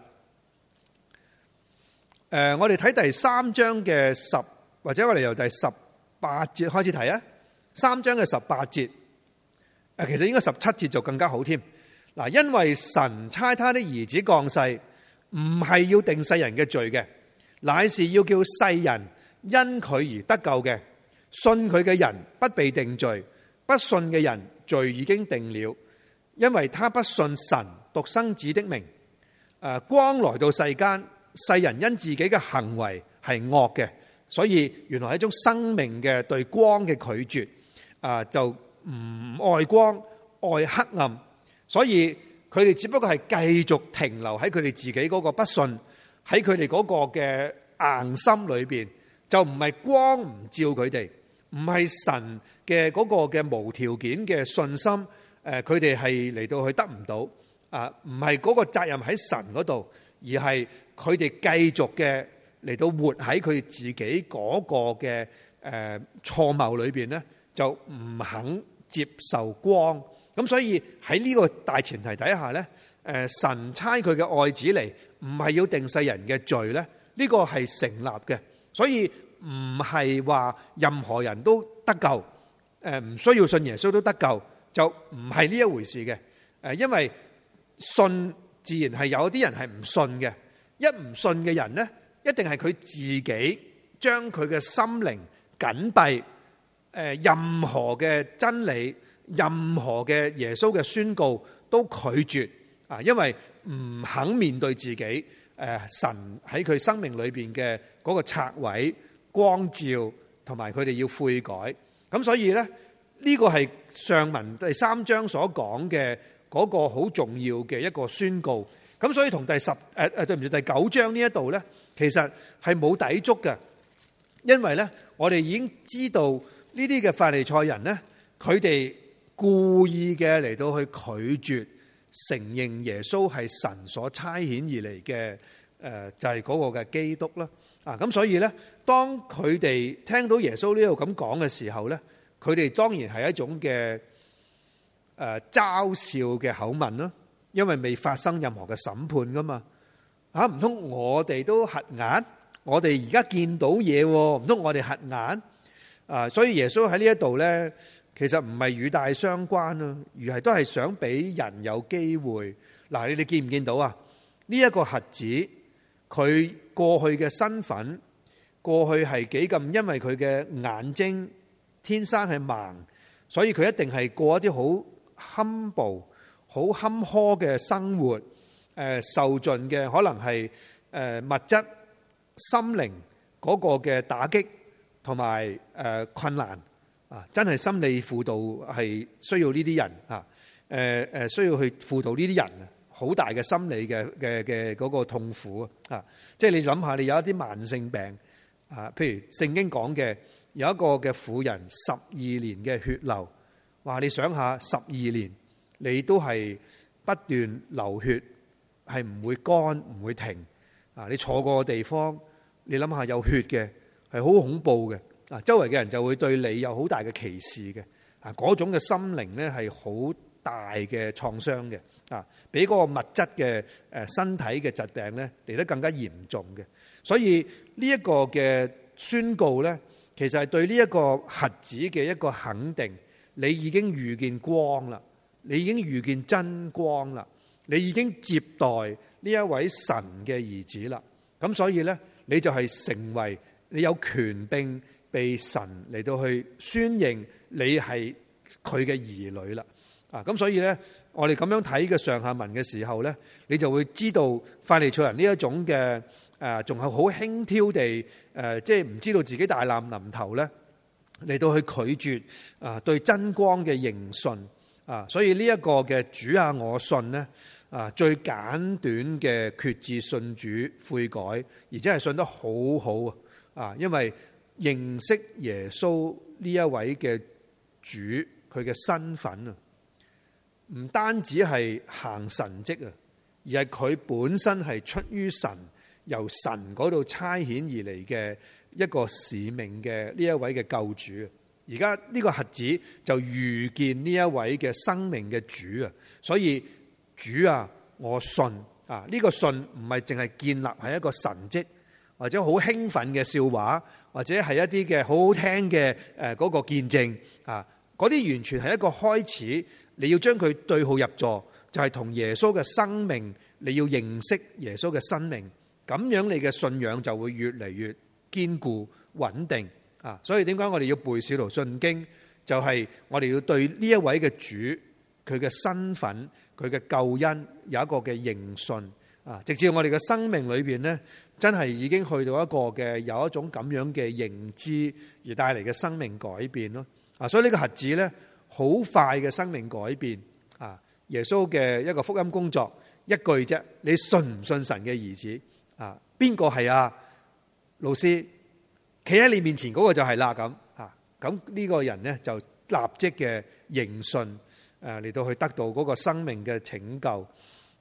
誒，我哋睇第三章嘅，十或者我哋由第十八節開始睇啊。三章嘅十八節，其實應該十七節就更加好添。嗱，因為神差他的兒子降世，唔係要定世人嘅罪嘅，乃是要叫世人因佢而得救嘅。信佢嘅人不被定罪，不信嘅人罪已經定了，因為他不信神獨生子的名。光來到世間。世人因自己嘅行為係惡嘅，所以原來係一種生命嘅對光嘅拒絕，啊，就唔愛光，愛黑暗。所以佢哋只不過係繼續停留喺佢哋自己嗰個不信，喺佢哋嗰個嘅硬心裏邊，就唔係光唔照佢哋，唔係神嘅嗰個嘅無條件嘅信心，誒，佢哋係嚟到去得唔到，啊，唔係嗰個責任喺神嗰度。而係佢哋繼續嘅嚟到活喺佢自己嗰個嘅誒錯謬裏邊呢，就唔肯接受光。咁所以喺呢個大前提底下呢，誒神差佢嘅愛子嚟，唔係要定世人嘅罪呢，呢個係成立嘅，所以唔係話任何人都得救，誒唔需要信耶穌都得救，就唔係呢一回事嘅。誒，因為信。自然係有啲人係唔信嘅，一唔信嘅人呢，一定係佢自己將佢嘅心靈緊閉，任何嘅真理、任何嘅耶穌嘅宣告都拒絕啊！因為唔肯面對自己，誒神喺佢生命裏面嘅嗰個拆毀、光照同埋佢哋要悔改。咁所以呢，呢個係上文第三章所講嘅。嗰個好重要嘅一個宣告，咁所以同第十誒，誒對唔住第九章呢一度咧，其實係冇抵觸嘅，因為咧我哋已經知道呢啲嘅法利賽人咧，佢哋故意嘅嚟到去拒絕承認耶穌係神所差遣而嚟嘅，誒就係嗰個嘅基督啦。啊，咁所以咧，當佢哋聽到耶穌呢度咁講嘅時候咧，佢哋當然係一種嘅。誒，嘲笑嘅口吻咯，因為未發生任何嘅審判噶嘛，吓，唔通我哋都瞎眼？我哋而家見到嘢，唔通我哋瞎眼啊？所以耶穌喺呢一度呢，其實唔係與大相關咯，而係都係想俾人有機會。嗱，你哋見唔見到啊？呢一個瞎子，佢過去嘅身份，過去係幾咁？因為佢嘅眼睛天生係盲，所以佢一定係過一啲好。堪薄、好坎坷嘅生活，誒，受盡嘅可能係誒物質、心靈嗰個嘅打擊同埋誒困難啊！真係心理輔導係需要呢啲人啊，誒誒，需要去輔導呢啲人，好大嘅心理嘅嘅嘅個痛苦啊！即係你諗下，你有一啲慢性病啊，譬如聖經講嘅，有一個嘅婦人十二年嘅血流。話你想下，十二年你都係不斷流血，係唔會乾唔會停啊！你坐過嘅地方，你諗下有血嘅係好恐怖嘅啊！周圍嘅人就會對你有好大嘅歧視嘅啊！嗰種嘅心靈咧係好大嘅創傷嘅啊！比嗰個物質嘅誒身體嘅疾病咧嚟得更加嚴重嘅，所以呢一個嘅宣告咧，其實係對呢一個核子嘅一個肯定。你已經預見光啦，你已經預見真光啦，你已經接待呢一位神嘅兒子啦。咁所以呢，你就係成為你有權柄被神嚟到去宣認你係佢嘅兒女啦。啊，咁所以呢，我哋咁樣睇嘅上下文嘅時候呢，你就會知道法利賽人呢一種嘅誒，仲係好輕佻地誒，即係唔知道自己大難臨頭呢。嚟到去拒絕啊，對真光嘅認信啊，所以呢一個嘅主啊，我信呢啊，最簡短嘅決志信主悔改，而且係信得好好啊，因為認識耶穌呢一位嘅主，佢嘅身份啊，唔單止係行神跡啊，而係佢本身係出於神，由神嗰度差遣而嚟嘅。一個使命嘅呢一位嘅救主，而家呢個核子就遇見呢一位嘅生命嘅主啊。所以主啊，我信啊。呢、這個信唔係淨係建立喺一個神跡，或者好興奮嘅笑話，或者係一啲嘅好好聽嘅誒嗰個見證啊。嗰啲完全係一個開始，你要將佢對號入座，就係、是、同耶穌嘅生命，你要認識耶穌嘅生命。咁樣你嘅信仰就會越嚟越。堅固穩定啊，所以點解我哋要背小徒信經？就係我哋要對呢一位嘅主，佢嘅身份、佢嘅救恩有一個嘅認信啊！直至我哋嘅生命裏邊咧，真係已經去到一個嘅有一種咁樣嘅認知而帶嚟嘅生命改變咯啊！所以呢個核子咧，好快嘅生命改變啊！耶穌嘅一個福音工作一句啫，你信唔信神嘅兒子啊？邊個係啊？老師企喺你面前嗰個就係啦，咁啊，咁呢個人呢，就立即嘅認信誒嚟到去得到嗰個生命嘅拯救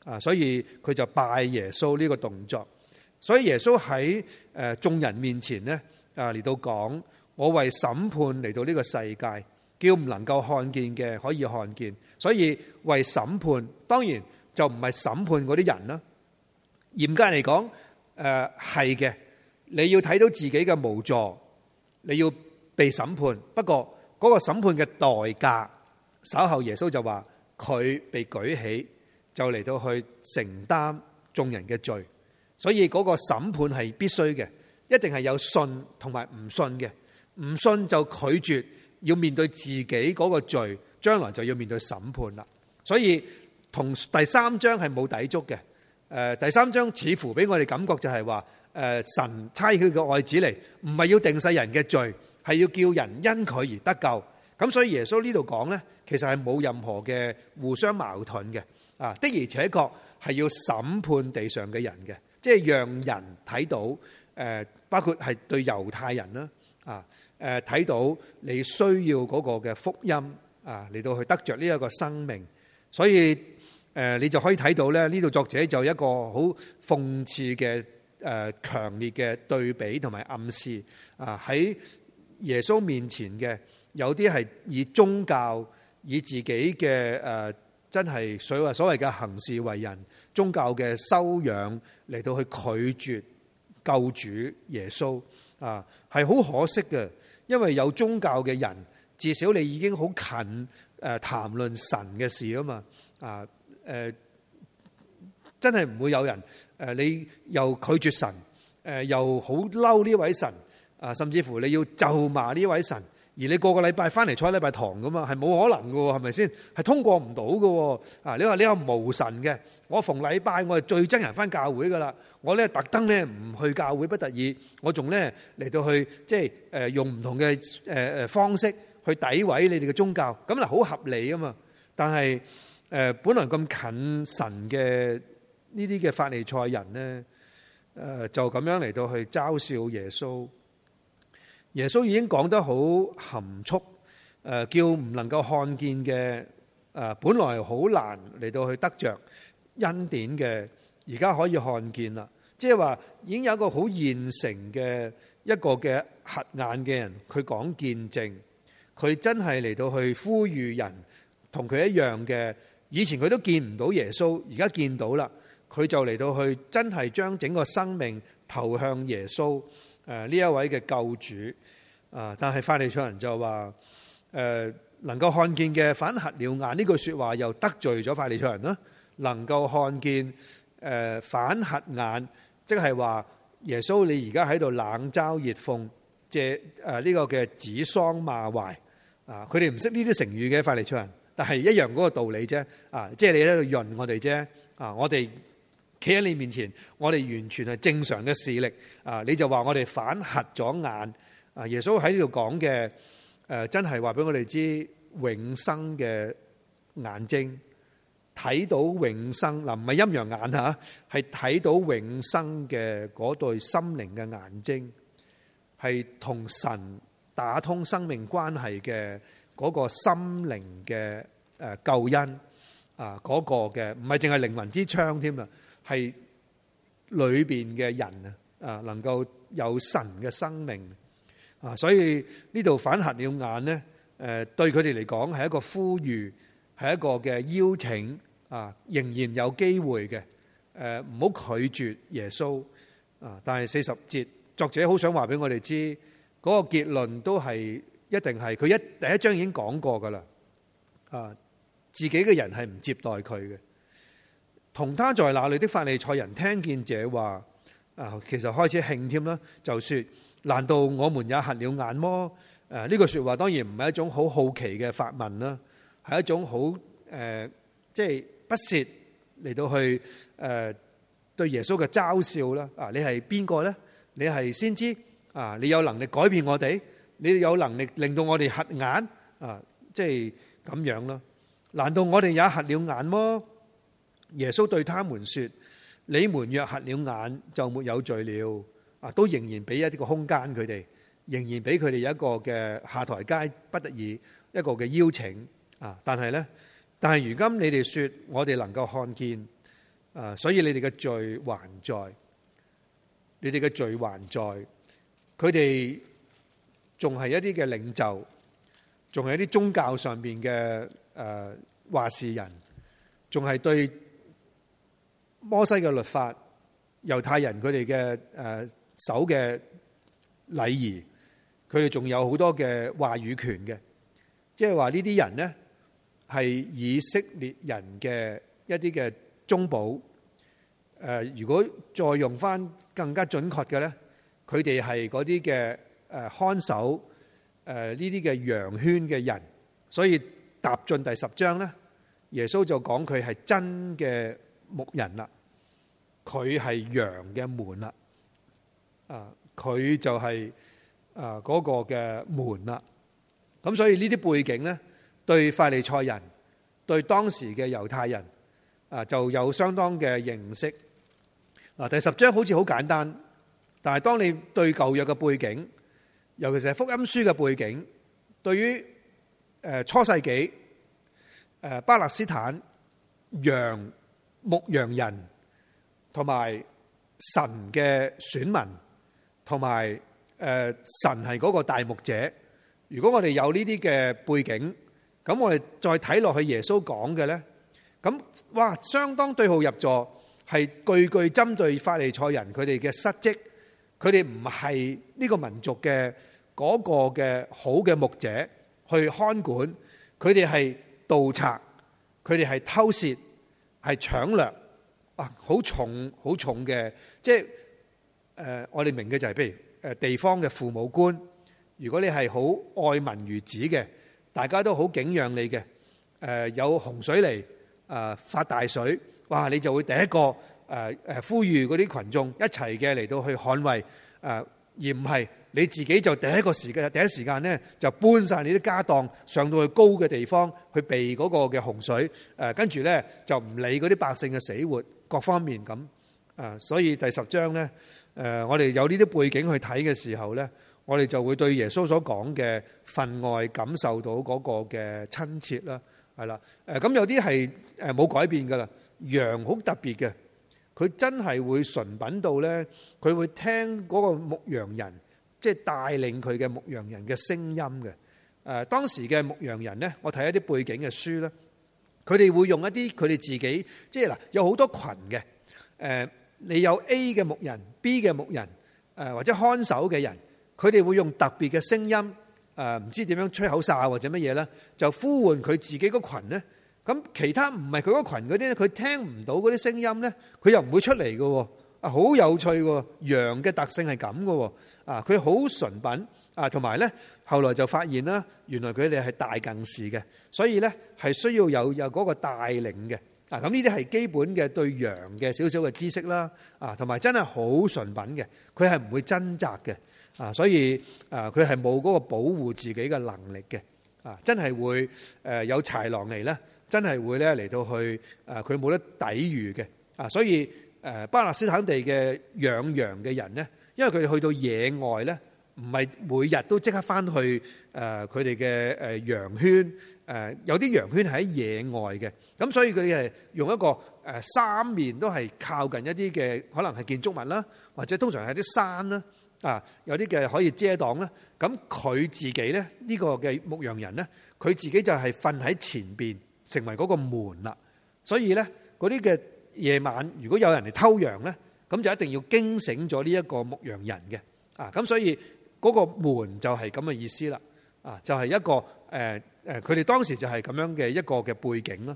啊，所以佢就拜耶穌呢個動作。所以耶穌喺誒眾人面前呢啊嚟到講，我為審判嚟到呢個世界，叫唔能夠看見嘅可以看見，所以為審判，當然就唔係審判嗰啲人啦。嚴格嚟講，誒，係嘅。你要睇到自己嘅無助，你要被審判。不過嗰個審判嘅代價，稍後耶穌就話佢被舉起，就嚟到去承擔眾人嘅罪。所以嗰個審判係必須嘅，一定係有信同埋唔信嘅。唔信就拒絕要面對自己嗰個罪，將來就要面對審判啦。所以同第三章係冇抵觸嘅。誒，第三章似乎俾我哋感覺就係話。誒，神差佢嘅愛子嚟，唔係要定世人嘅罪，係要叫人因佢而得救。咁所以耶穌呢度講呢，其實係冇任何嘅互相矛盾嘅。啊，的而且確係要審判地上嘅人嘅，即係讓人睇到，誒，包括係對猶太人啦，啊，誒，睇到你需要嗰個嘅福音，啊，嚟到去得着呢一個生命。所以，誒，你就可以睇到咧，呢度作者就一個好諷刺嘅。誒，強烈嘅對比同埋暗示啊，喺耶穌面前嘅有啲係以宗教以自己嘅誒，真係所謂所謂嘅行事為人、宗教嘅修養嚟到去拒絕救主耶穌啊，係好可惜嘅，因為有宗教嘅人至少你已經好近，誒，談論神嘅事啊嘛。啊，誒，真係唔會有人。你又拒絕神，又好嬲呢位神啊，甚至乎你要咒罵呢位神，而你個個禮拜翻嚟坐喺禮拜堂咁啊，係冇可能㗎喎，係咪先？係通過唔到㗎喎啊！你話你係無神嘅，我逢禮拜我係最憎人翻教會㗎啦，我咧特登咧唔去教會不得意，我仲咧嚟到去即係用唔同嘅方式去詆毀你哋嘅宗教，咁嗱好合理啊嘛！但係誒本來咁近神嘅。呢啲嘅法利賽人呢，就咁樣嚟到去嘲笑耶穌。耶穌已經講得好含蓄，叫唔能夠看見嘅，本來好難嚟到去得着恩典嘅，而家可以看見啦。即係話已經有一個好現成嘅一個嘅核眼嘅人，佢講見證，佢真係嚟到去呼籲人同佢一樣嘅。以前佢都見唔到耶穌，而家見到啦。佢就嚟到去，真係將整個生命投向耶穌，誒呢一位嘅救主啊！但係法利賽人就話：誒能夠看見嘅反核了眼呢句說話，又得罪咗法利賽人啦！能夠看見誒反核眼，即係話耶穌，你而家喺度冷嘲熱諷，借誒呢個嘅指桑罵槐啊！佢哋唔識呢啲成語嘅法利賽人，但係一樣嗰個道理啫啊！即係你喺度潤我哋啫啊！我哋。企喺你面前，我哋完全係正常嘅視力啊！你就話我哋反核咗眼啊？耶穌喺呢度講嘅誒，真係話俾我哋知永生嘅眼睛睇到永生嗱，唔係陰陽眼吓，係睇到永生嘅嗰對心靈嘅眼睛，係同神打通生命關係嘅嗰個心靈嘅誒救恩啊，嗰個嘅唔係淨係靈魂之窗添啊！係裏邊嘅人啊，啊，能夠有神嘅生命啊，所以呢度反核了眼咧，誒，對佢哋嚟講係一個呼籲，係一個嘅邀請啊，仍然有機會嘅，誒，唔好拒絕耶穌啊。但係四十節作者好想話俾我哋知，嗰個結論都係一定係，佢一第一章已經講過噶啦，啊，自己嘅人係唔接待佢嘅。同他在那裏的法利賽人聽見這話，啊，其實開始興添啦，就說：難道我們也瞎了眼麼？誒，呢句說話當然唔係一種好好奇嘅發問啦，係一種好誒、即、呃、係、就是、不屑嚟到去誒、呃、對耶穌嘅嘲笑啦。啊，你係邊個咧？你係先知啊？你有能力改變我哋，你有能力令到我哋瞎眼啊？即係咁樣啦？難道我哋也瞎了眼麼？耶穌對他們説：你們若瞎了眼，就沒有罪了。啊，都仍然俾一啲個空間佢哋，仍然俾佢哋一個嘅下台階不得已一個嘅邀請。啊，但係咧，但係如今你哋説我哋能夠看見，啊，所以你哋嘅罪還在，你哋嘅罪還在。佢哋仲係一啲嘅領袖，仲係一啲宗教上面嘅誒話事人，仲係對。摩西嘅律法，猶太人佢哋嘅誒手嘅禮儀，佢哋仲有好多嘅話語權嘅，即係話呢啲人咧係以色列人嘅一啲嘅中保誒。如果再用翻更加準確嘅咧，佢哋係嗰啲嘅誒看守誒呢啲嘅羊圈嘅人，所以踏進第十章咧，耶穌就講佢係真嘅。牧人啦，佢係羊嘅門啦，啊，佢就係啊嗰個嘅門啦。咁所以呢啲背景咧，對法利賽人，對當時嘅猶太人啊，就有相當嘅認識。嗱，第十章好似好簡單，但係當你對舊約嘅背景，尤其是福音書嘅背景，對於誒初世紀誒巴勒斯坦羊。牧羊人同埋神嘅選民，同埋誒神係嗰個大牧者。如果我哋有呢啲嘅背景，咁我哋再睇落去耶穌講嘅咧，咁哇，相當對號入座，係句句針對法利賽人佢哋嘅失職。佢哋唔係呢個民族嘅嗰個嘅好嘅牧者去看管，佢哋係盜賊，佢哋係偷竊。係搶掠啊！好重好重嘅，即係誒，我哋明嘅就係、是、譬如誒地方嘅父母官，如果你係好愛民如子嘅，大家都好敬仰你嘅。誒、呃、有洪水嚟，誒、呃、發大水，哇！你就會第一個誒誒呼籲嗰啲群眾一齊嘅嚟到去捍衞誒、呃，而唔係。你自己就第一個時間，第一時間咧就搬晒你啲家當上到去高嘅地方去避嗰個嘅洪水。誒，跟住咧就唔理嗰啲百姓嘅死活，各方面咁、呃。所以第十章咧、呃，我哋有呢啲背景去睇嘅時候咧，我哋就會對耶穌所講嘅份外感受到嗰個嘅親切啦。係啦，誒、呃、咁有啲係誒冇改變㗎喇，羊好特別嘅，佢真係會純品到咧，佢會聽嗰個牧羊人。即係帶領佢嘅牧羊人嘅聲音嘅。誒，當時嘅牧羊人咧，我睇一啲背景嘅書咧，佢哋會用一啲佢哋自己，即係嗱有好多群嘅。誒，你有 A 嘅牧人、B 嘅牧人，誒或者看守嘅人，佢哋會用特別嘅聲音，誒唔知點樣吹口哨或者乜嘢啦，就呼喚佢自己個羣咧。咁其他唔係佢個羣嗰啲咧，佢聽唔到嗰啲聲音咧，佢又唔會出嚟嘅。啊，好有趣喎！羊嘅特性係咁嘅喎，啊，佢好純品，啊，同埋咧，後來就發現啦，原來佢哋係大近視嘅，所以咧係需要有有嗰個帶領嘅，啊，咁呢啲係基本嘅對羊嘅少少嘅知識啦，啊，同埋真係好純品嘅，佢係唔會掙扎嘅，啊，所以啊，佢係冇嗰個保護自己嘅能力嘅，啊，真係會誒有豺狼嚟咧，真係會咧嚟到去，啊，佢冇得抵禦嘅，啊，所以。誒巴勒斯坦地嘅養羊嘅人咧，因為佢哋去到野外咧，唔係每日都即刻翻去誒佢哋嘅誒羊圈誒，有啲羊圈係喺野外嘅，咁所以佢哋用一個誒三面都係靠近一啲嘅，可能係建築物啦，或者通常係啲山啦啊，有啲嘅可以遮擋啦。咁佢自己咧呢，呢個嘅牧羊人咧，佢自己就係瞓喺前邊成為嗰個門啦。所以咧嗰啲嘅。夜晚如果有人嚟偷羊呢，咁就一定要驚醒咗呢一個牧羊人嘅啊！咁所以嗰個門就係咁嘅意思啦，啊，就係、是、一個誒誒，佢哋當時就係咁樣嘅一個嘅背景啦。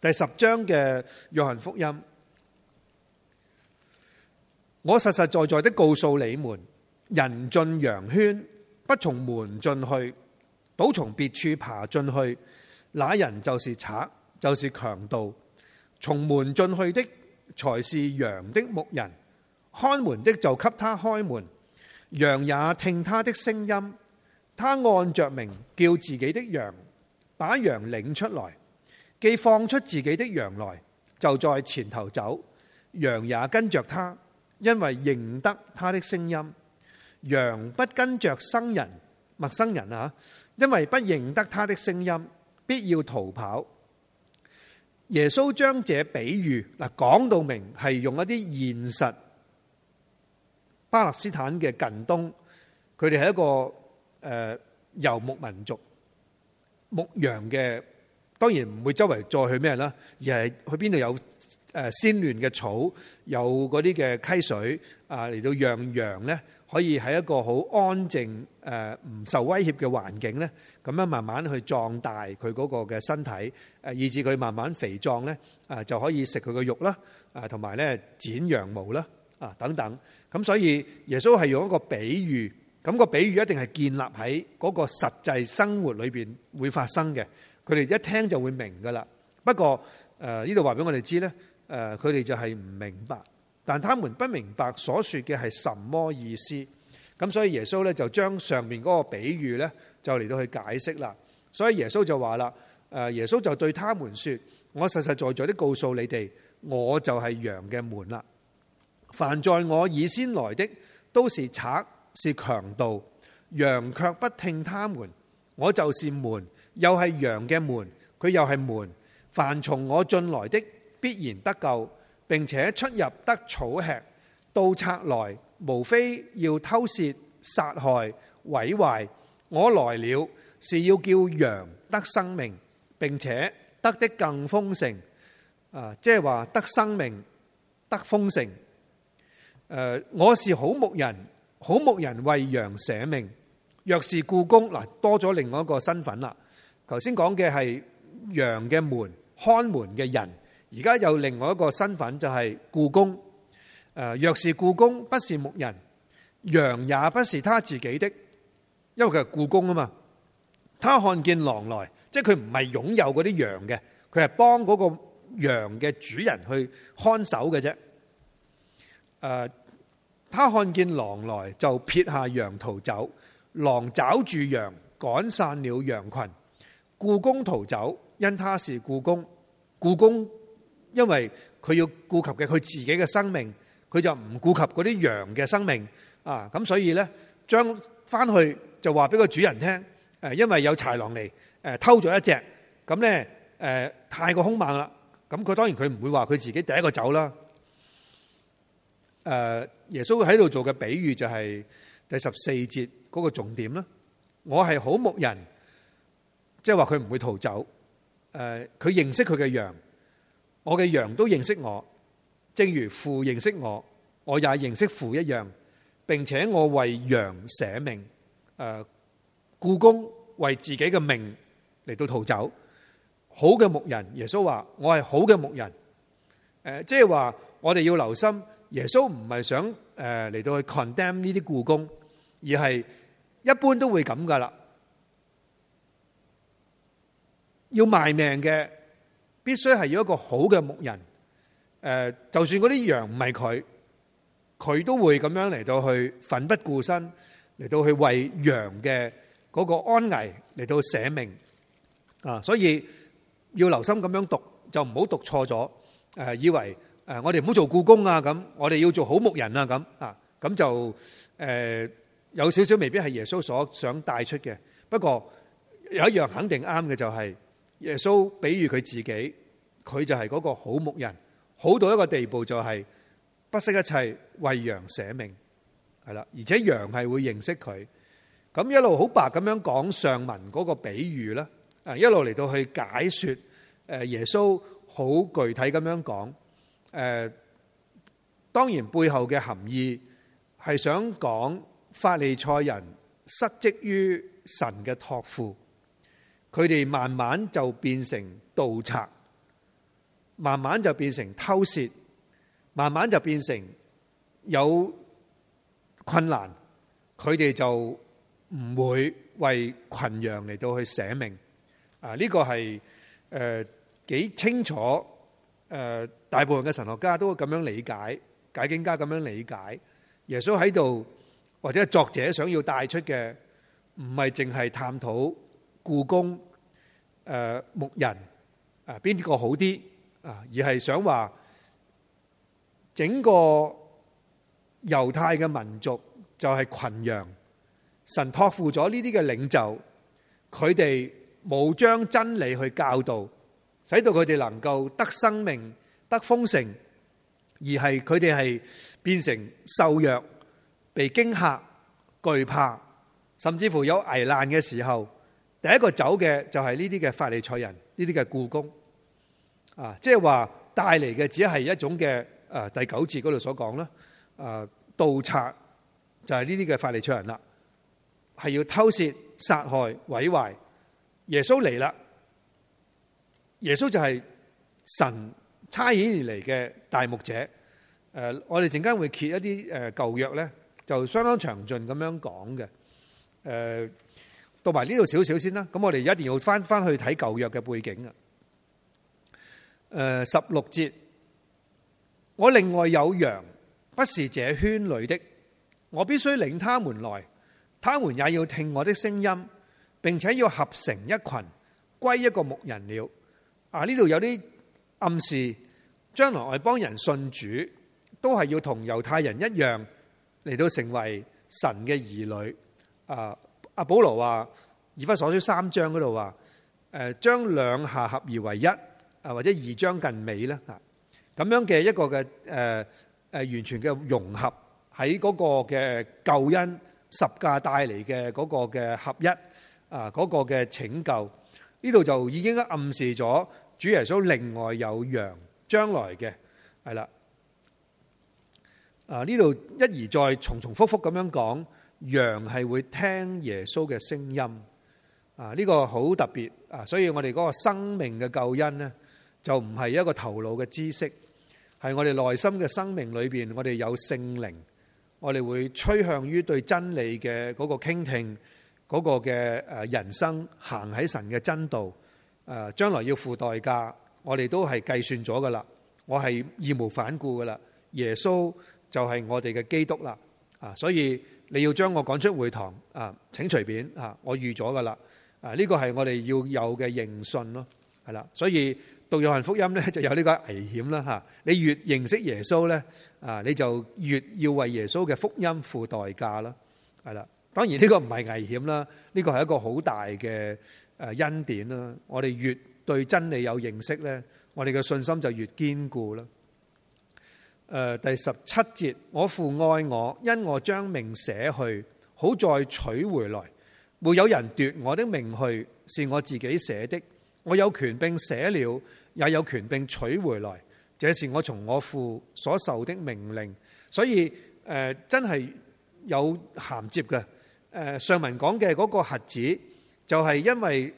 第十章嘅約翰福音，我實實在在的告訴你們，人進羊圈不從門進去，倒從別處爬進去，那人就是賊，就是強盜。從門進去的才是羊的牧人，開門的就給他開門，羊也聽他的聲音。他按着名叫自己的羊，把羊領出來，既放出自己的羊來，就在前頭走，羊也跟着他，因為認得他的聲音。羊不跟着生人、陌生人啊，因為不認得他的聲音，必要逃跑。耶穌將這比喻嗱講到明，係用一啲現實巴勒斯坦嘅近東，佢哋係一個誒游牧民族，牧羊嘅，當然唔會周圍再去咩啦，而係去邊度有誒鮮嫩嘅草，有嗰啲嘅溪水啊，嚟到讓羊咧可以喺一個好安靜誒唔受威脅嘅環境咧，咁樣慢慢去壯大佢嗰個嘅身體。誒，以致佢慢慢肥壯呢，誒就可以食佢個肉啦，誒同埋呢剪羊毛啦，啊等等。咁所以耶穌係用一個比喻，咁個比喻一定係建立喺嗰個實際生活裏邊會發生嘅。佢哋一聽就會明噶啦。不過誒呢度話俾我哋知呢，誒佢哋就係唔明白，但他們不明白所說嘅係什麼意思。咁所以耶穌呢就將上面嗰個比喻呢就嚟到去解釋啦。所以耶穌就話啦。誒，耶穌就對他們說：我實實在在的告訴你哋，我就係羊嘅門啦。凡在我以先來的，都是賊，是強盜，羊卻不聽他們。我就是門，又係羊嘅門，佢又係門。凡從我進來的，必然得救，並且出入得草吃。盜賊來，無非要偷竊、殺害、毀壞。我來了，是要叫羊得生命。並且得的更豐盛，啊，即係話得生命得豐盛。誒，我是好牧人，好牧人為羊捨命。若是僱工，嗱多咗另外一個身份啦。頭先講嘅係羊嘅門看門嘅人，而家有另外一個身份就係、是、僱工。誒，若是僱工不是牧人，羊也不是他自己的，因為佢係僱工啊嘛。他看見狼來。即係佢唔係擁有嗰啲羊嘅，佢係幫嗰個羊嘅主人去看守嘅啫。誒，他看見狼來就撇下羊逃走，狼抓住羊，趕散了羊群。僱工逃走，因他是僱工，僱工因為佢要顧及嘅佢自己嘅生命，佢就唔顧及嗰啲羊嘅生命。啊，咁所以呢，將翻去就話俾個主人聽，誒，因為有豺狼嚟。誒，偷咗一隻，咁咧，誒太過兇猛啦，咁佢當然佢唔會話佢自己第一個走啦。誒，耶穌喺度做嘅比喻就係第十四節嗰個重點啦。我係好牧人，即係話佢唔會逃走。誒，佢認識佢嘅羊，我嘅羊都認識我，正如父認識我，我也認識父一樣，並且我為羊捨命。誒，雇工為自己嘅命，嚟到逃走，好嘅牧人，耶穌話：我係好嘅牧人。誒，即係話我哋要留心，耶穌唔係想誒嚟、呃、到去 condemn 呢啲雇工，而係一般都會咁噶啦。要賣命嘅，必須係要一個好嘅牧人。誒、呃，就算嗰啲羊唔係佢，佢都會咁樣嚟到去奮不顧身，嚟到去為羊嘅嗰個安危嚟到捨命。啊，所以要留心咁樣讀，就唔好讀錯咗。誒，以為誒我哋唔好做雇工啊，咁我哋要做好牧人啊，咁啊，咁就誒、呃、有少少未必係耶穌所想帶出嘅。不過有一樣肯定啱嘅就係、是、耶穌，比喻佢自己，佢就係嗰個好牧人，好到一個地步就係不惜一切為羊捨命，係啦，而且羊係會認識佢。咁一路好白咁樣講上文嗰個比喻咧。誒，一路嚟到去解說，誒，耶穌好具體咁樣講，誒，當然背後嘅含義係想講法利賽人失職於神嘅託付，佢哋慢慢就變成盜賊，慢慢就變成偷竊，慢,慢慢就變成有困難，佢哋就唔會為群羊嚟到去捨命。啊、這個，呢個係誒幾清楚誒、呃，大部分嘅神學家都會咁樣理解，解經家咁樣理解。耶穌喺度或者作者想要帶出嘅，唔係淨係探討故宮誒牧人啊邊個好啲啊、呃，而係想話整個猶太嘅民族就係群羊，神託付咗呢啲嘅領袖，佢哋。冇將真理去教導，使到佢哋能夠得生命、得豐盛，而係佢哋係變成受弱、被驚嚇、懼怕，甚至乎有危難嘅時候，第一個走嘅就係呢啲嘅法利賽人，呢啲嘅雇工啊，即係話帶嚟嘅只係一種嘅誒、啊、第九節嗰度所講啦，誒、啊、盜賊就係呢啲嘅法利賽人啦，係要偷竊、殺害、毀壞。耶穌嚟啦！耶穌就係神差遣而嚟嘅大牧者。誒，我哋陣間會揭一啲誒舊約咧，就相當詳盡咁樣講嘅。誒，讀埋呢度少少先啦。咁我哋一定要翻翻去睇舊約嘅背景啊。誒，十六節，我另外有羊不是這圈裏的，我必須領他們來，他們也要聽我的聲音。並且要合成一群歸一個牧人了。啊！呢度有啲暗示，將來外邦人信主都係要同猶太人一樣嚟到成為神嘅兒女。啊！阿保羅話以弗所書三章嗰度話，誒、啊、將兩下合而為一，啊，或者二章近尾咧嚇咁樣嘅一個嘅誒誒完全嘅融合喺嗰個嘅救恩十架帶嚟嘅嗰個嘅合一。啊！嗰個嘅拯救呢度就已經暗示咗主耶穌另外有羊將來嘅係啦。啊，呢度一而再重重複复咁樣講羊係會聽耶穌嘅聲音。啊、這、呢個好特別啊！所以我哋嗰個生命嘅救恩呢，就唔係一個頭腦嘅知識，係我哋內心嘅生命裏邊，我哋有聖靈，我哋會趨向於對真理嘅嗰個傾聽。嗰、那個嘅誒人生行喺神嘅真道，誒將來要付代價，我哋都係計算咗噶啦。我係義無反顧噶啦。耶穌就係我哋嘅基督啦。啊，所以你要將我趕出會堂啊？請隨便啊！我預咗噶啦。啊，呢個係我哋要有嘅認信咯。係啦，所以讀約翰福音咧就有呢個危險啦嚇。你越認識耶穌咧，啊你就越要為耶穌嘅福音付代價啦。係啦。當然呢個唔係危險啦，呢個係一個好大嘅誒恩典啦。我哋越對真理有認識呢，我哋嘅信心就越堅固啦。誒、呃，第十七節，我父愛我，因我將命捨去，好再取回來。沒有人奪我的命去，是我自己捨的。我有權柄捨了，也有權柄取回來。這是我從我父所受的命令。所以誒、呃，真係有銜接嘅。誒上文講嘅嗰個瞎子，就係因為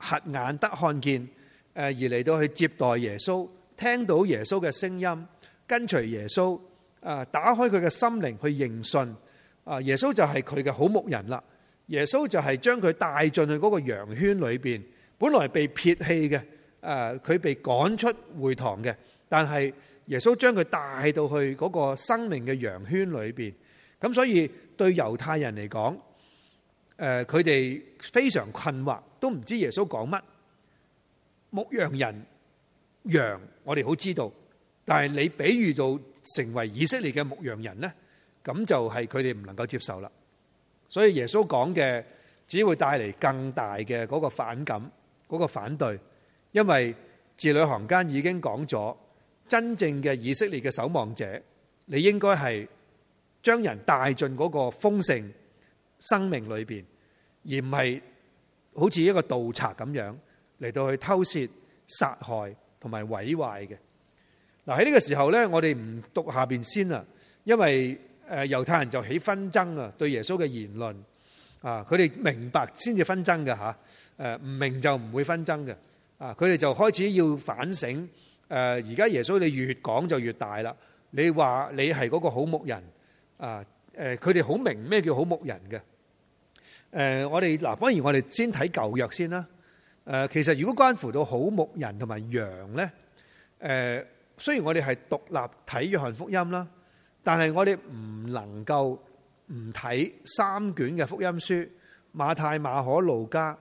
瞎眼得看見，誒而嚟到去接待耶穌，聽到耶穌嘅聲音，跟隨耶穌，啊，打開佢嘅心靈去認信，啊，耶穌就係佢嘅好牧人啦。耶穌就係將佢帶進去嗰個羊圈裏邊，本來被撇棄嘅，誒佢被趕出會堂嘅，但係耶穌將佢帶到去嗰個生命嘅羊圈裏邊。咁所以對猶太人嚟講，誒、呃，佢哋非常困惑，都唔知道耶穌講乜。牧羊人羊，我哋好知道，但係你比喻到成為以色列嘅牧羊人咧，咁就係佢哋唔能夠接受啦。所以耶穌講嘅只會帶嚟更大嘅嗰個反感，嗰、嗰個反對，因為字裏行間已經講咗，真正嘅以色列嘅守望者，你應該係。將人帶進嗰個豐盛生命裏邊，而唔係好似一個盜賊咁樣嚟到去偷竊、殺害同埋毀壞嘅嗱。喺呢個時候咧，我哋唔讀下邊先啊，因為誒猶太人就起紛爭啊，對耶穌嘅言論啊，佢哋明白先至紛爭嘅吓誒，唔明就唔會紛爭嘅啊。佢哋就開始要反省誒，而家耶穌你越講就越大啦。你話你係嗰個好牧人。啊！誒、呃，佢哋好明咩叫好牧人嘅。誒、呃，我哋嗱，反而我哋先睇舊約先啦。誒、呃，其實如果關乎到好牧人同埋羊咧，誒、呃，雖然我哋係獨立睇約翰福音啦，但係我哋唔能夠唔睇三卷嘅福音書——馬太、馬可、路加，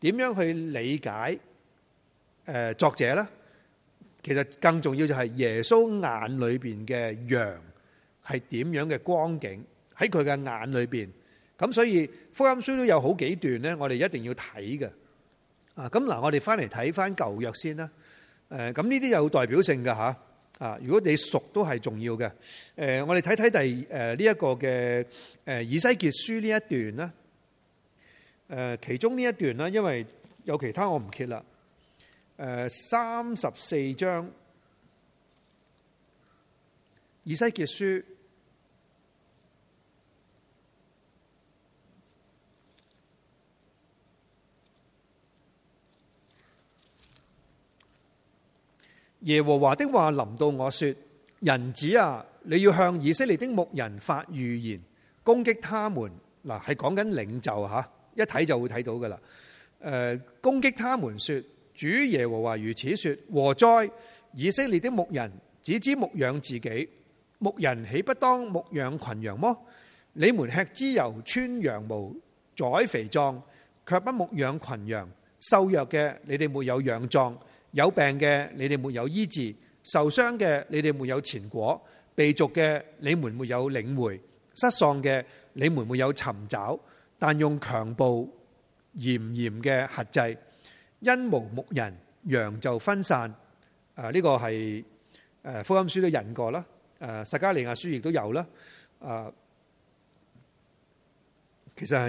點樣去理解？誒、呃，作者咧，其實更重要就係耶穌眼裏邊嘅羊。係點樣嘅光景喺佢嘅眼裏邊咁，所以福音書都有好幾段咧，我哋一定要睇嘅啊！咁嗱，我哋翻嚟睇翻舊約先啦。誒、呃，咁呢啲有代表性嘅吓啊！如果你熟都係重要嘅。誒、呃，我哋睇睇第誒呢一個嘅誒、呃、以西結書呢一段啦。誒、呃，其中呢一段啦，因為有其他我唔揭啦。誒、呃，三十四章以西結書。耶和華的話臨到我說：人子啊，你要向以色列的牧人發預言，攻擊他們。嗱，係講緊領袖吓，一睇就會睇到噶啦。誒、呃，攻擊他們說：主耶和華如此說：禍哉！以色列的牧人只知牧養自己，牧人豈不當牧養羣羊麼？你們吃脂油，穿羊毛，宰肥壯，卻不牧養羣羊。瘦弱嘅，你哋沒有養壯。有病嘅你哋沒有醫治，受傷嘅你哋沒有前果，被逐嘅你們沒有領回，失喪嘅你們沒有尋找，但用強暴嚴嚴嘅轄制，因無牧人羊就分散。誒、啊、呢，這個係誒福音書都引過啦，誒、啊、撒迦利亞書亦都有啦。誒、啊，其實係誒、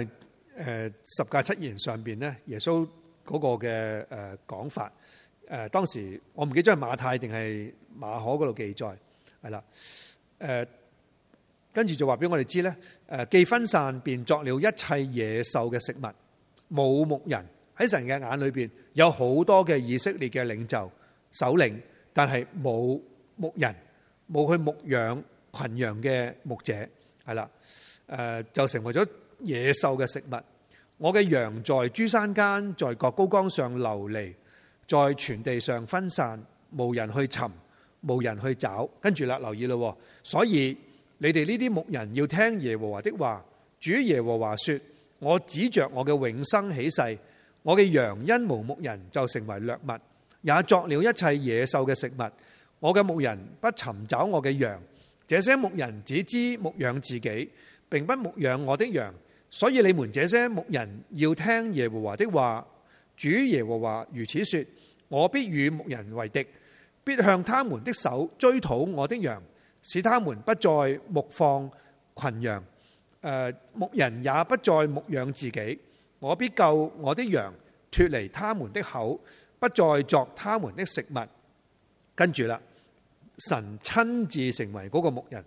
啊、十誡七言上邊呢，耶穌嗰個嘅誒、啊、講法。誒當時我唔記得係馬太定係馬可嗰度記載，係啦。誒跟住就話俾我哋知咧，誒既分散便作了一切野獸嘅食物。冇牧人，喺神嘅眼裏邊有好多嘅以色列嘅領袖、首領，但係冇牧人，冇去牧養群羊嘅牧者，係啦。誒、呃、就成為咗野獸嘅食物。我嘅羊在諸山間，在各高崗上流離。在全地上分散，無人去尋，無人去找。跟住啦，留意咯。所以你哋呢啲牧人要聽耶和華的話。主耶和華說：我指着我嘅永生起誓，我嘅羊因無牧人就成為掠物，也作了一切野獸嘅食物。我嘅牧人不尋找我嘅羊，這些牧人只知牧養自己，並不牧養我的羊。所以你們這些牧人要聽耶和華的話。主耶和華如此說。我必與牧人為敵，必向他們的手追討我的羊，使他們不再牧放群羊。呃，牧人也不再牧養自己。我必救我的羊脫離他們的口，不再作他們的食物。跟住啦，神親自成為嗰個牧人，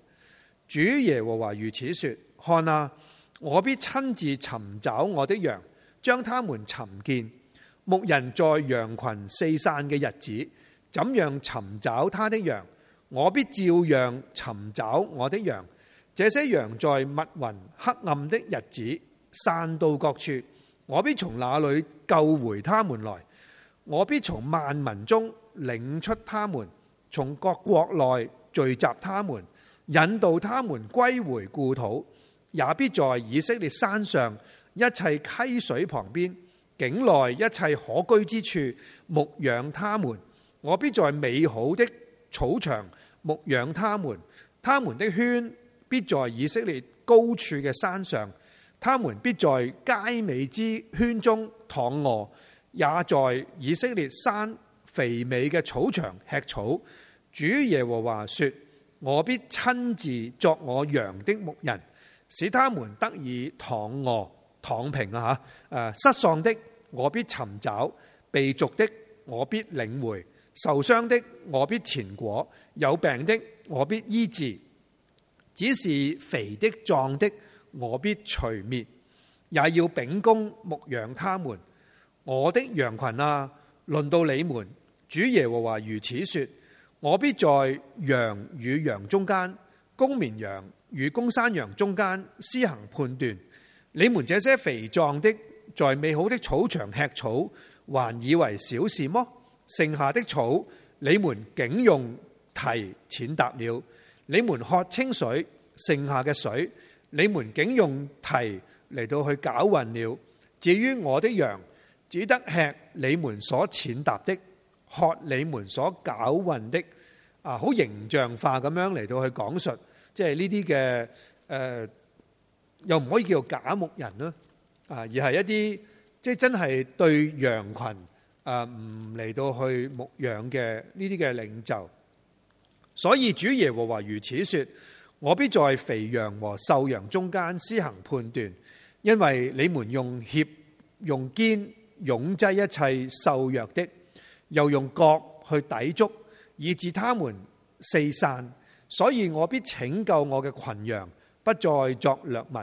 主耶和華如此說：看啊，我必親自尋找我的羊，將他們尋見。牧人在羊群四散嘅日子，怎樣尋找他的羊？我必照樣尋找我的羊。這些羊在密雲黑暗的日子散到各處，我必從那裏救回他們來。我必從萬民中領出他們，從各國內聚集他們，引導他們歸回故土。也必在以色列山上，一切溪水旁邊。境內一切可居之處，牧養他們，我必在美好的草場牧養他們。他們的圈必在以色列高處嘅山上，他們必在佳美之圈中躺臥，也在以色列山肥美嘅草場吃草。主耶和華說：我必親自作我羊的牧人，使他們得以躺臥躺平啊！吓，誒，失喪的。我必尋找被逐的，我必領回；受傷的，我必前果，有病的，我必醫治。只是肥的壯的，我必除滅，也要秉公牧養他們。我的羊群啊，輪到你們。主耶和華如此說：我必在羊與羊中間，公綿羊與公山羊中間施行判斷。你們這些肥壯的。在美好的草場吃草，還以為小事麼？剩下的草，你們竟用蹄踐踏了；你們喝清水，剩下的水，你們竟用蹄嚟到去攪混了。至於我的羊，只得吃你們所踐踏的，喝你們所攪混的。啊，好形象化咁樣嚟到去講述，即係呢啲嘅誒，又唔可以叫做假牧人啦。啊！而係一啲即真係對羊群啊，唔嚟到去牧養嘅呢啲嘅領袖。所以主耶和華如此説：我必在肥羊和瘦羊中間施行判斷，因為你們用脅、用肩、擁擠一切瘦弱的，又用角去抵觸，以致他們四散。所以我必拯救我嘅群羊，不再作掠物。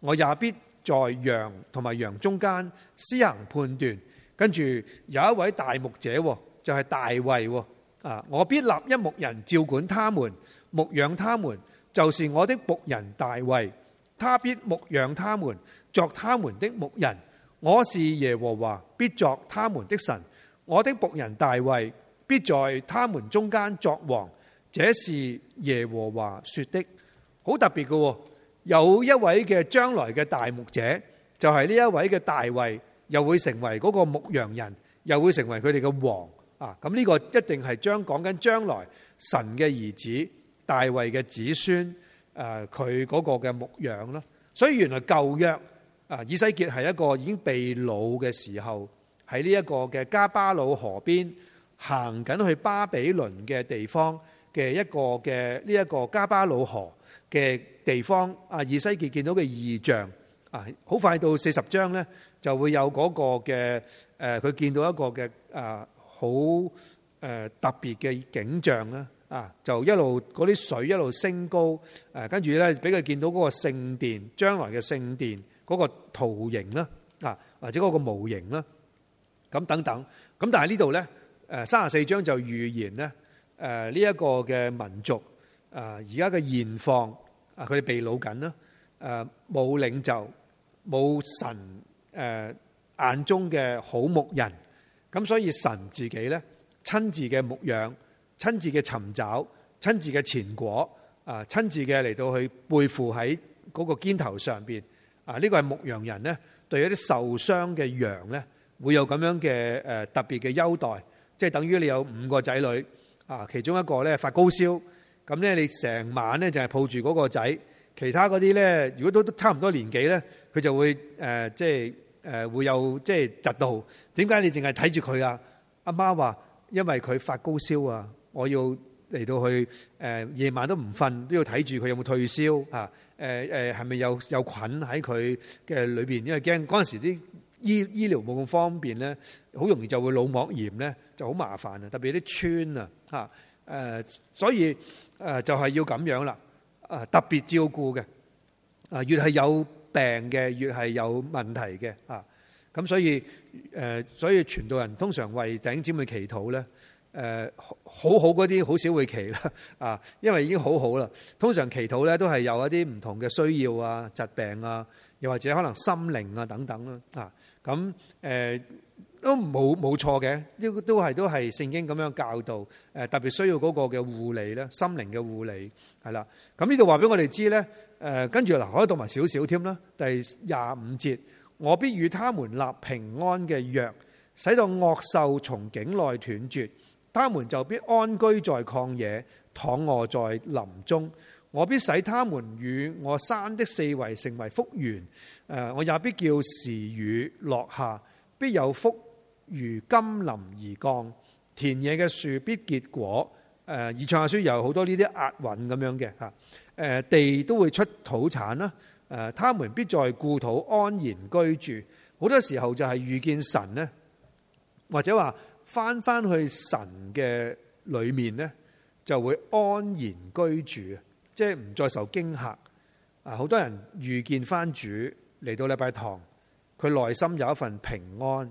我也必，在羊同埋羊中間施行判斷，跟住有一位大牧者，就係、是、大衛啊！我必立一牧人照管他們，牧養他們，就是我的僕人大衛，他必牧養他們，作他們的牧人。我是耶和華，必作他們的神。我的僕人大衛必在他們中間作王，這是耶和華說的。好特別嘅。有一位嘅將來嘅大牧者，就係呢一位嘅大衛，又會成為嗰個牧羊人，又會成為佢哋嘅王啊！咁、這、呢個一定係將講緊將來神嘅兒子大衛嘅子孫，誒佢嗰個嘅牧羊啦。所以原來舊約啊，以西結係一個已經被擄嘅時候，喺呢一個嘅迦巴魯河邊行緊去巴比倫嘅地方嘅一個嘅呢一個迦巴魯河嘅。地方啊，以西結見到嘅異象啊，好快到四十章咧，就會有嗰個嘅誒，佢見到一個嘅啊，好誒特別嘅景象啦啊，就一路嗰啲水一路升高誒，跟住咧俾佢見到嗰個聖殿，將來嘅聖殿嗰個圖形啦啊，或者嗰個模型啦，咁等等。咁但係呢度咧，誒三十四章就預言咧，誒呢一個嘅民族啊，而家嘅現況。啊！佢哋被老緊啦，誒冇領袖，冇神誒眼中嘅好牧人，咁所以神自己咧親自嘅牧養，親自嘅尋找，親自嘅纏裹，啊，親自嘅嚟到去背負喺嗰個肩頭上邊，啊！呢個係牧羊人咧對一啲受傷嘅羊咧會有咁樣嘅誒特別嘅優待，即係等於你有五個仔女，啊，其中一個咧發高燒。咁咧，你成晚咧就係抱住嗰個仔，其他嗰啲咧，如果都都差唔多年紀咧，佢就會誒、呃，即係誒、呃、會有即係窒到。點解你淨係睇住佢啊？阿媽話因為佢發高燒啊，我要嚟到去誒、呃、夜晚都唔瞓，都要睇住佢有冇退燒嚇。誒、呃、誒，係、呃、咪有有菌喺佢嘅裏邊？因為驚嗰陣時啲醫醫療冇咁方便咧，好容易就會腦膜炎咧，就好麻煩啊。特別啲村啊嚇誒，所以。誒就係、是、要咁樣啦，誒特別照顧嘅，誒越係有病嘅，越係有問題嘅啊。咁所以誒，所以傳道人通常為頂尖去祈禱咧，誒好好嗰啲好少會祈啦，啊，因為已經好好啦。通常祈禱咧都係有一啲唔同嘅需要啊、疾病啊，又或者可能心靈啊等等啦。啊，咁、呃、誒。都冇冇錯嘅，呢都係都係聖經咁樣教導，誒特別需要嗰個嘅護理咧，心靈嘅護理係啦。咁呢度話俾我哋知咧，誒跟住嗱，可以讀埋少少添啦。第廿五節，我必與他們立平安嘅約，使到惡獸從境內斷絕，他們就必安居在曠野，躺臥在林中。我必使他們與我山的四圍成為福源，誒我也必叫時雨落下，必有福。如金林而降，田野嘅樹必結果。誒以賽亞書，有好多呢啲押韻咁樣嘅嚇。誒地都會出土產啦。誒他們必在故土安然居住。好多時候就係遇見神呢，或者話翻翻去神嘅裏面呢，就會安然居住，即係唔再受驚嚇。啊，好多人遇見翻主嚟到禮拜堂，佢內心有一份平安，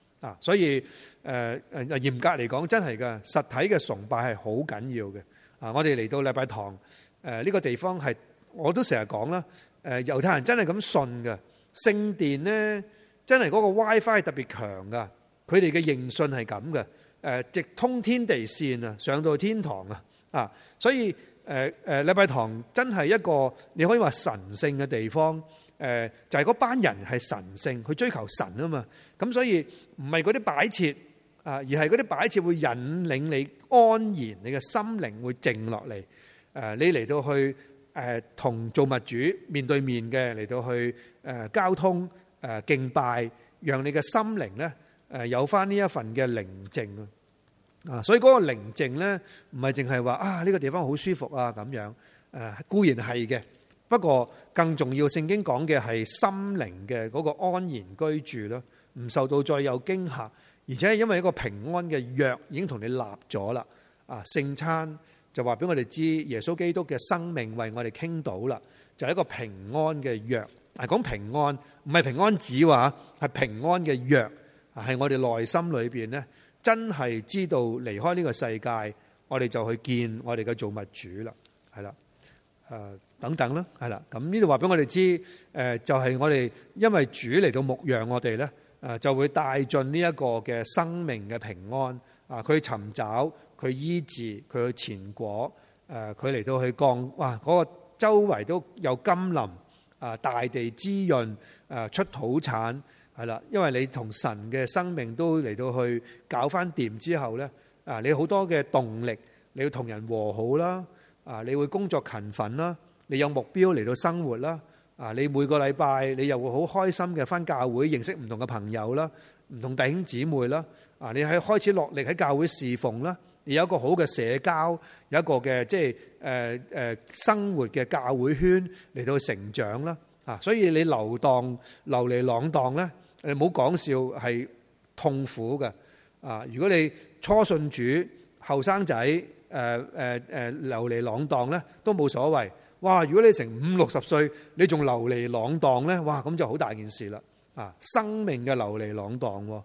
啊，所以誒誒、呃、嚴格嚟講，真係噶實體嘅崇拜係好緊要嘅。啊，我哋嚟到禮拜堂，誒、呃、呢、這個地方係我都成日講啦。誒、呃、猶太人真係咁信噶，聖殿咧真係嗰個 WiFi 特別強噶。佢哋嘅認信係咁嘅，誒、呃、直通天地線啊，上到天堂啊。啊，所以誒誒、呃呃、禮拜堂真係一個你可以話神聖嘅地方。誒、呃、就係、是、嗰班人係神聖去追求神啊嘛。咁所以唔係嗰啲擺設啊，而係嗰啲擺設會引領你安然，你嘅心靈會靜落嚟。誒，你嚟到去誒同造物主面對面嘅嚟到去誒交通誒敬拜，讓你嘅心靈咧誒有翻呢一份嘅寧靜啊！啊，所以嗰個寧靜咧唔係淨係話啊呢個地方好舒服啊咁樣誒，固然係嘅，不過更重要，聖經講嘅係心靈嘅嗰個安然居住咯。唔受到再有驚嚇，而且係因為一個平安嘅約已經同你立咗啦。啊，聖餐就話俾我哋知，耶穌基督嘅生命為我哋傾倒啦，就係、是、一個平安嘅約。啊，講平安唔係平安子喎，係平安嘅約，係我哋內心裏邊呢，真係知道離開呢個世界，我哋就去見我哋嘅造物主啦。係啦，誒、啊、等等啦，係啦。咁呢度話俾我哋知，誒就係、是、我哋因為主嚟到牧養我哋呢。誒就會帶進呢一個嘅生命嘅平安啊！佢尋找佢，醫治佢嘅前果誒，佢嚟到去降哇！嗰個周圍都有甘霖啊，大地滋潤誒，出土產係啦。因為你同神嘅生命都嚟到去搞返掂之後呢，啊，你好多嘅動力，你要同人和好啦啊，你會工作勤奮啦，你有目標嚟到生活啦。啊！你每個禮拜你又會好開心嘅，返教會認識唔同嘅朋友啦，唔同弟兄姊妹啦。啊！你喺開始落力喺教會侍奉啦，你有一個好嘅社交，有一個嘅即係誒誒生活嘅教會圈嚟到成長啦。啊！所以你流蕩流離浪蕩咧，誒冇講笑係痛苦嘅。啊！如果你初信主後生仔誒誒誒流離浪蕩咧，都冇所謂。哇！如果你成五六十歲，你仲流離浪蕩咧，哇！咁就好大件事啦，啊，生命嘅流離浪蕩喎。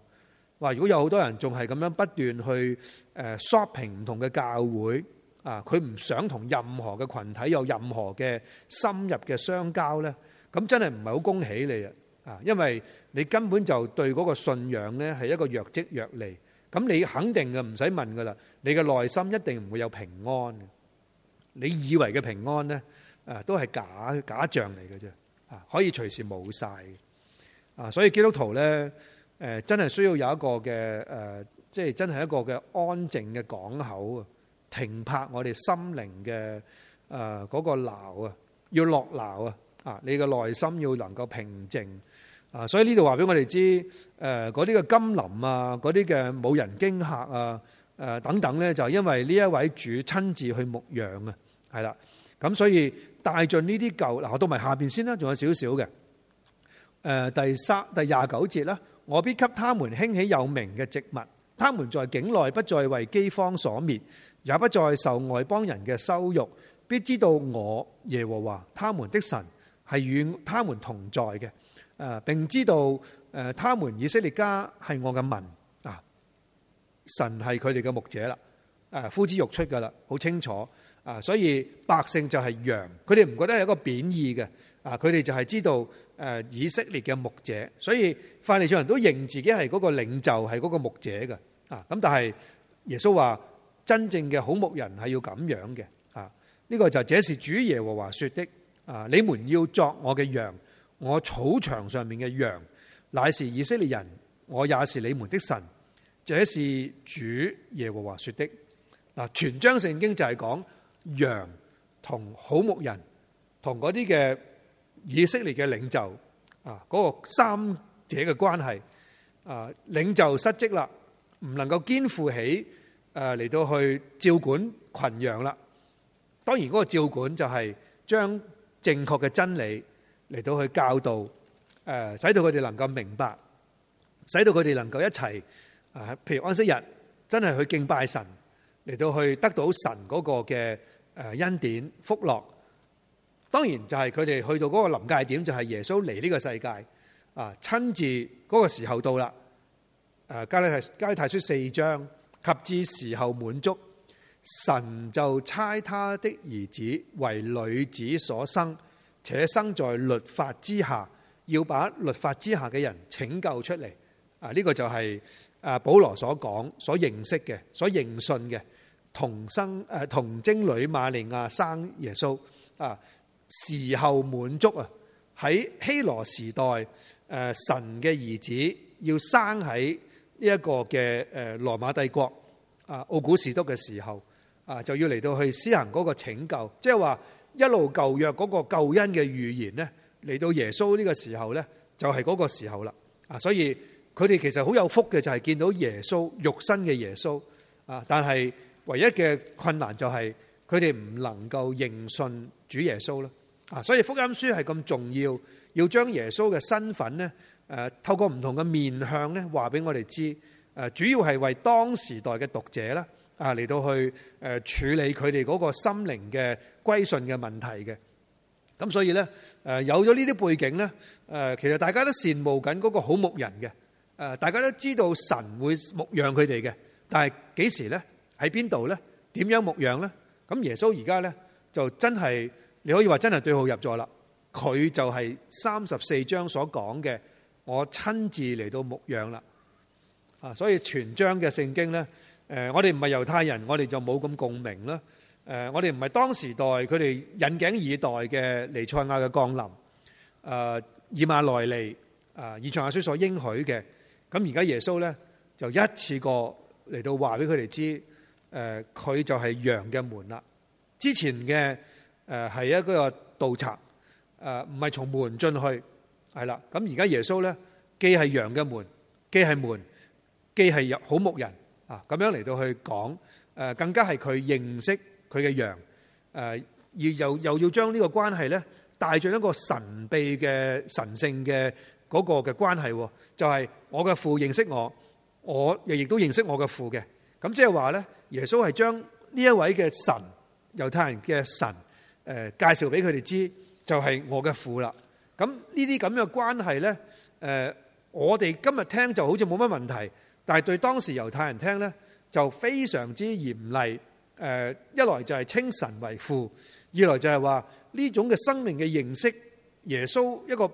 哇！如果有好多人仲係咁樣不斷去誒 shopping 唔同嘅教會啊，佢唔想同任何嘅羣體有任何嘅深入嘅相交咧，咁真係唔係好恭喜你啊！啊，因為你根本就對嗰個信仰咧係一個若即若離，咁你肯定就唔使問噶啦，你嘅內心一定唔會有平安。你以為嘅平安咧？誒都係假假象嚟嘅啫，嚇可以隨時冇晒。啊！所以基督徒咧誒、呃、真係需要有一個嘅誒，即、呃、係真係一個嘅安靜嘅港口啊，停泊我哋心靈嘅誒嗰個錨啊，要落錨啊，啊、呃！你嘅內心要能夠平靜啊、呃，所以呢度話俾我哋知，誒嗰啲嘅金林啊，嗰啲嘅冇人驚嚇啊，誒、呃、等等咧，就因為呢一位主親自去牧養啊，係啦，咁所以。帶進呢啲舊嗱，我到埋下邊先啦，仲有少少嘅。誒、呃，第三第廿九節啦，我必給他們興起有名嘅植物，他們在境內不再為饑荒所滅，也不再受外邦人嘅羞辱，必知道我耶和華他們的神係與他們同在嘅。誒、呃，並知道誒、呃，他們以色列家係我嘅民啊、呃，神係佢哋嘅牧者啦。誒、呃，呼之欲出噶啦，好清楚。啊！所以百姓就係羊，佢哋唔覺得有個貶義嘅啊。佢哋就係知道誒以色列嘅牧者，所以法利賽人都認自己係嗰個領袖，係嗰個牧者嘅啊。咁但係耶穌話：真正嘅好牧人係要咁樣嘅啊。呢個就係這是主耶和華説的啊！你們要作我嘅羊，我草場上面嘅羊，乃是以色列人，我也是你們的神。這是主耶和華説的嗱。全章聖經就係講。羊同好牧人同嗰啲嘅以色列嘅領袖啊，嗰個三者嘅關係啊，領袖失職啦，唔能夠肩負起誒嚟到去照管群羊啦。當然嗰個照管就係將正確嘅真理嚟到去教導誒，使到佢哋能夠明白，使到佢哋能夠一齊誒，譬如安息日真係去敬拜神嚟到去得到神嗰個嘅。誒，恩典福樂，當然就係佢哋去到嗰個臨界點，就係、是、耶穌嚟呢個世界啊，親自嗰個時候到啦。誒，加利太加利太書四章，及至時候滿足，神就差他的兒子為女子所生，且生在律法之下，要把律法之下嘅人拯救出嚟。啊，呢個就係誒保羅所講、所認識嘅、所認信嘅。童生誒，童貞女瑪利亞生耶穌啊，時候滿足啊，喺希羅時代誒，神嘅兒子要生喺呢一個嘅誒羅馬帝國啊，奧古士都嘅時候啊，就要嚟到去施行嗰個拯救，即係話一路舊約嗰、嗰個救恩嘅預言咧，嚟到耶穌呢個時候咧，就係、是、嗰個時候啦啊，所以佢哋其實好有福嘅，就係見到耶穌肉身嘅耶穌啊，但係。唯一嘅困難就係佢哋唔能夠認信主耶穌啦啊，所以福音書係咁重要，要將耶穌嘅身份咧誒透過唔同嘅面向咧話俾我哋知誒，主要係為當時代嘅讀者啦啊嚟到去誒處理佢哋嗰個心靈嘅歸順嘅問題嘅咁，所以咧誒有咗呢啲背景咧誒，其實大家都羨慕緊嗰個好牧人嘅誒，大家都知道神會牧養佢哋嘅，但係幾時咧？喺邊度咧？點樣牧養咧？咁耶穌而家咧就真係你可以話真係對號入座啦。佢就係三十四章所講嘅，我親自嚟到牧養啦。啊，所以全章嘅聖經咧，誒，我哋唔係猶太人，我哋就冇咁共鳴啦。誒，我哋唔係當時代佢哋引頸以待嘅彌賽亞嘅降臨，誒，以馬內利，誒，以賽亞書所應許嘅。咁而家耶穌咧就一次過嚟到話俾佢哋知。誒，佢就係羊嘅門啦。之前嘅誒係一個盜賊，誒唔係從門進去，係啦。咁而家耶穌咧，既係羊嘅門，既係門，既係好牧人啊。咁樣嚟到去講，誒更加係佢認識佢嘅羊，誒又又又要將呢個關係咧帶進一個神秘嘅神聖嘅嗰個嘅關係，就係、是、我嘅父認識我，我亦亦都認識我嘅父嘅。咁即係話咧。耶穌係將呢一位嘅神，猶太人嘅神，誒、呃、介紹俾佢哋知，就係、是、我嘅父啦。咁呢啲咁嘅關係呢，誒、呃，我哋今日聽就好似冇乜問題，但係對當時猶太人聽呢，就非常之嚴厲。誒、呃，一來就係稱神為父，二來就係話呢種嘅生命嘅認識，耶穌一個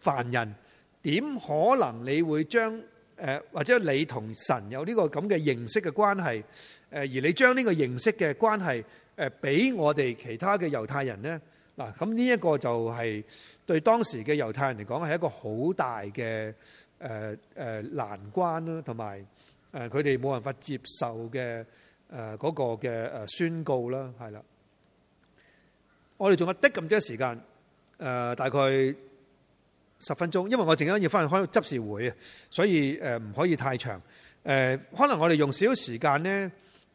凡人，點可能你會將誒、呃、或者你同神有呢、這個咁嘅認識嘅關係？誒而你將呢個認識嘅關係誒俾我哋其他嘅猶太人咧，嗱咁呢一個就係對當時嘅猶太人嚟講係一個好大嘅誒誒難關啦，同埋誒佢哋冇辦法接受嘅誒嗰個嘅誒宣告啦，係啦。我哋仲有點的咁多時間，誒、呃，大概十分鐘，因為我陣間要翻去開執事會啊，所以誒唔可以太長誒、呃。可能我哋用少少時間咧。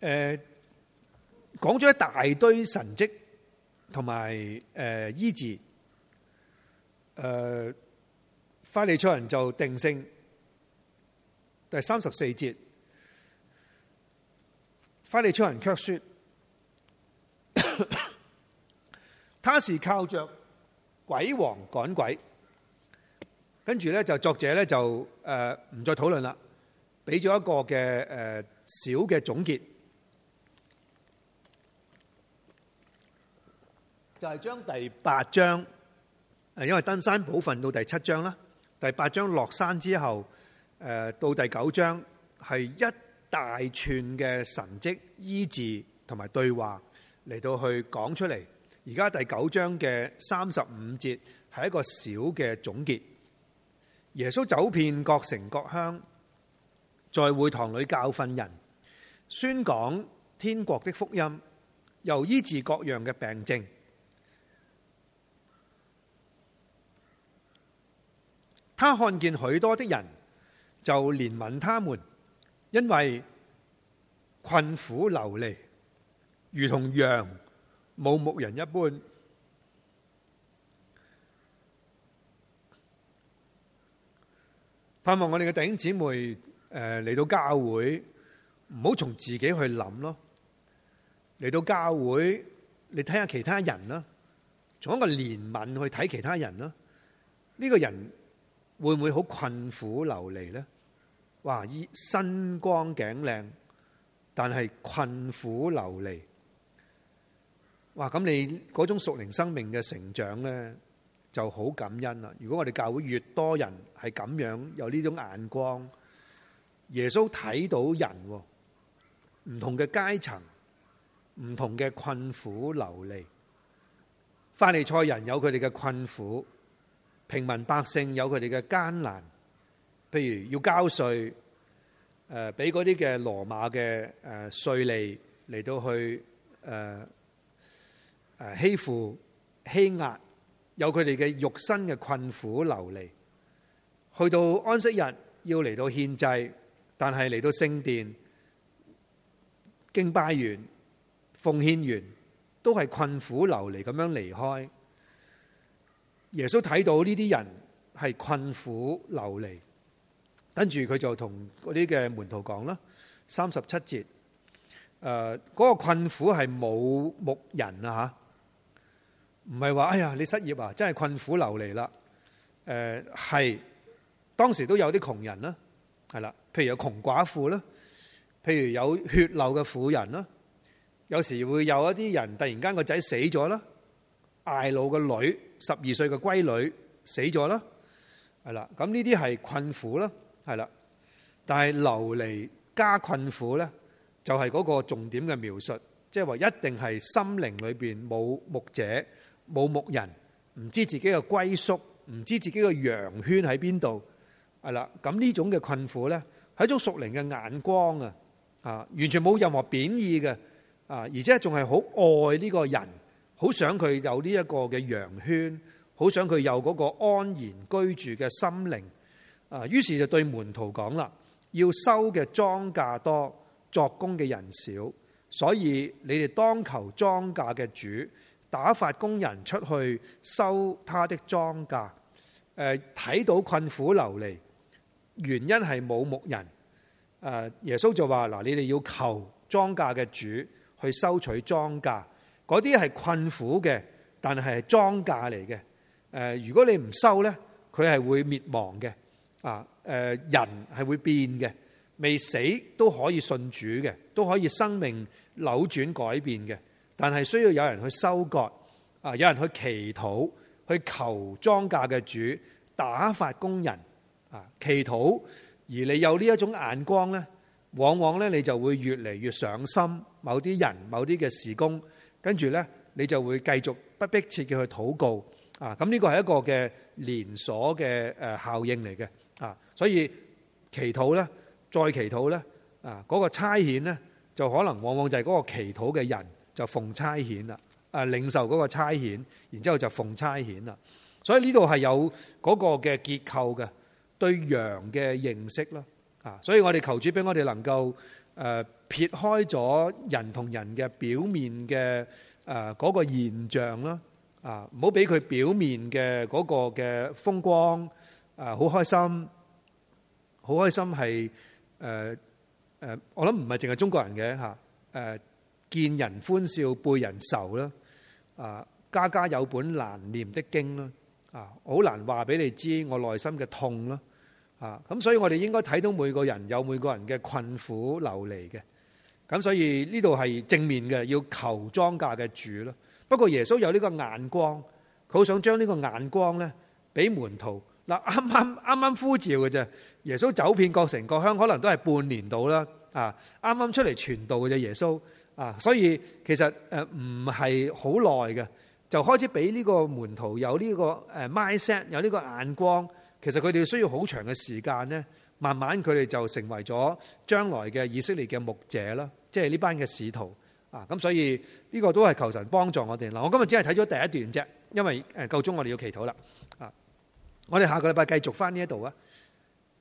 誒、呃，講咗一大堆神蹟同埋誒醫治，誒、呃，法利賽人就定性，第三十四節，法利賽人卻說， 他是靠着鬼王趕鬼，跟住咧就作者咧就誒唔、呃、再討論啦，俾咗一個嘅誒、呃、小嘅總結。就係、是、將第八章，誒，因為登山寶訓到第七章啦。第八章落山之後，誒，到第九章係一大串嘅神蹟醫治同埋對話嚟到去講出嚟。而家第九章嘅三十五節係一個小嘅總結。耶穌走遍各城各鄉，在會堂裏教訓人，宣講天國的福音，又醫治各樣嘅病症。他看見許多的人，就憐憫他們，因爲困苦流離，如同羊冇牧人一般。盼望我哋嘅弟兄姊妹，誒、呃、嚟到教會，唔好從自己去諗咯。嚟到教會，你睇下其他人啦，從一個憐憫去睇其他人啦。呢、這個人。會唔會好困苦流離咧？哇！衣身光頸靚，但係困苦流離。哇！咁你嗰種屬靈生命嘅成長咧，就好感恩啦。如果我哋教會越多人係咁樣有呢種眼光，耶穌睇到人唔同嘅階層，唔同嘅困苦流離，法利賽人有佢哋嘅困苦。平民百姓有佢哋嘅艱難，譬如要交稅，誒俾嗰啲嘅羅馬嘅誒稅利嚟到去誒誒欺負欺壓，有佢哋嘅肉身嘅困苦流離。去到安息日要嚟到獻祭，但係嚟到聖殿敬拜完奉獻完，都係困苦流離咁樣離開。耶穌睇到呢啲人係困苦流離，他跟住佢就同嗰啲嘅門徒講啦，三十七節，誒，嗰個困苦係冇牧人啊吓，唔係話哎呀你失業啊，真係困苦流離啦，誒係，當時都有啲窮人啦，係啦，譬如有窮寡婦啦，譬如有血流嘅婦人啦，有時會有一啲人突然間個仔死咗啦，捱老嘅女。十二歲嘅閨女死咗啦，係啦，咁呢啲係困苦啦，係啦，但係流離加困苦咧，就係嗰個重點嘅描述，即係話一定係心靈裏邊冇牧者、冇牧人，唔知自己嘅歸宿，唔知自己嘅羊圈喺邊度，係啦，咁呢種嘅困苦咧，係一種屬靈嘅眼光啊，啊，完全冇任何貶義嘅，啊，而且仲係好愛呢個人。好想佢有呢一個嘅羊圈，好想佢有嗰個安然居住嘅心靈啊！於是就對門徒講啦：要收嘅莊稼多，作工嘅人少，所以你哋當求莊稼嘅主，打發工人出去收他的莊稼。誒，睇到困苦流離，原因係冇牧人。誒，耶穌就話：嗱，你哋要求莊稼嘅主去收取莊稼。嗰啲係困苦嘅，但係莊稼嚟嘅。誒，如果你唔收呢，佢係會滅亡嘅。啊，誒，人係會變嘅，未死都可以信主嘅，都可以生命扭轉改變嘅。但係需要有人去收割，啊，有人去祈禱，去求莊稼嘅主打發工人，啊，祈禱。而你有呢一種眼光呢，往往呢，你就會越嚟越上心某啲人、某啲嘅事工。跟住呢，你就會繼續不迫切嘅去禱告啊！咁呢個係一個嘅連鎖嘅誒效應嚟嘅啊！所以祈禱呢，再祈禱呢，啊，嗰個差遣呢，就可能往往就係嗰個祈禱嘅人就奉差遣啦，啊，領受嗰個差遣，然之後就奉差遣啦。所以呢度係有嗰個嘅結構嘅對羊嘅認識啦啊！所以我哋求主俾我哋能夠。誒撇開咗人同人嘅表面嘅誒嗰個現象啦，啊唔好俾佢表面嘅嗰個嘅風光，誒好開心，好開心係誒誒，我諗唔係淨係中國人嘅嚇，誒見人歡笑背人愁啦，啊家家有本難念的經啦，啊好難話俾你知我內心嘅痛啦。啊，咁所以我哋應該睇到每個人有每個人嘅困苦流離嘅，咁所以呢度係正面嘅，要求莊稼嘅主咯。不過耶穌有呢個眼光，佢好想將呢個眼光咧，俾門徒。嗱，啱啱啱啱呼召嘅啫，耶穌走遍各城各鄉，可能都係半年到啦。啊，啱啱出嚟傳道嘅啫，耶穌。啊，所以其實誒唔係好耐嘅，就開始俾呢個門徒有呢個誒 mindset，有呢個眼光。其實佢哋需要好長嘅時間咧，慢慢佢哋就成為咗將來嘅以色列嘅牧者啦，即係呢班嘅使徒啊。咁所以呢個都係求神幫助我哋啦。我今日只係睇咗第一段啫，因為誒夠鐘，我哋要祈禱啦。啊，我哋下個禮拜繼續翻呢一度啊。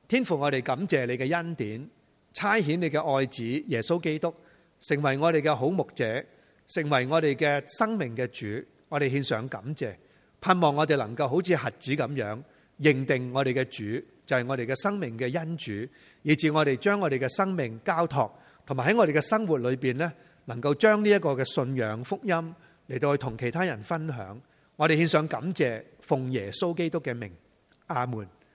天父，我哋感謝你嘅恩典，差遣你嘅愛子耶穌基督成為我哋嘅好牧者，成為我哋嘅生命嘅主。我哋獻上感謝，盼望我哋能夠好似核子咁樣。認定我哋嘅主就係我哋嘅生命嘅恩主，以致我哋將我哋嘅生命交託，同埋喺我哋嘅生活裏邊咧，能夠將呢一個嘅信仰福音嚟到去同其他人分享。我哋獻上感謝，奉耶穌基督嘅名，阿門。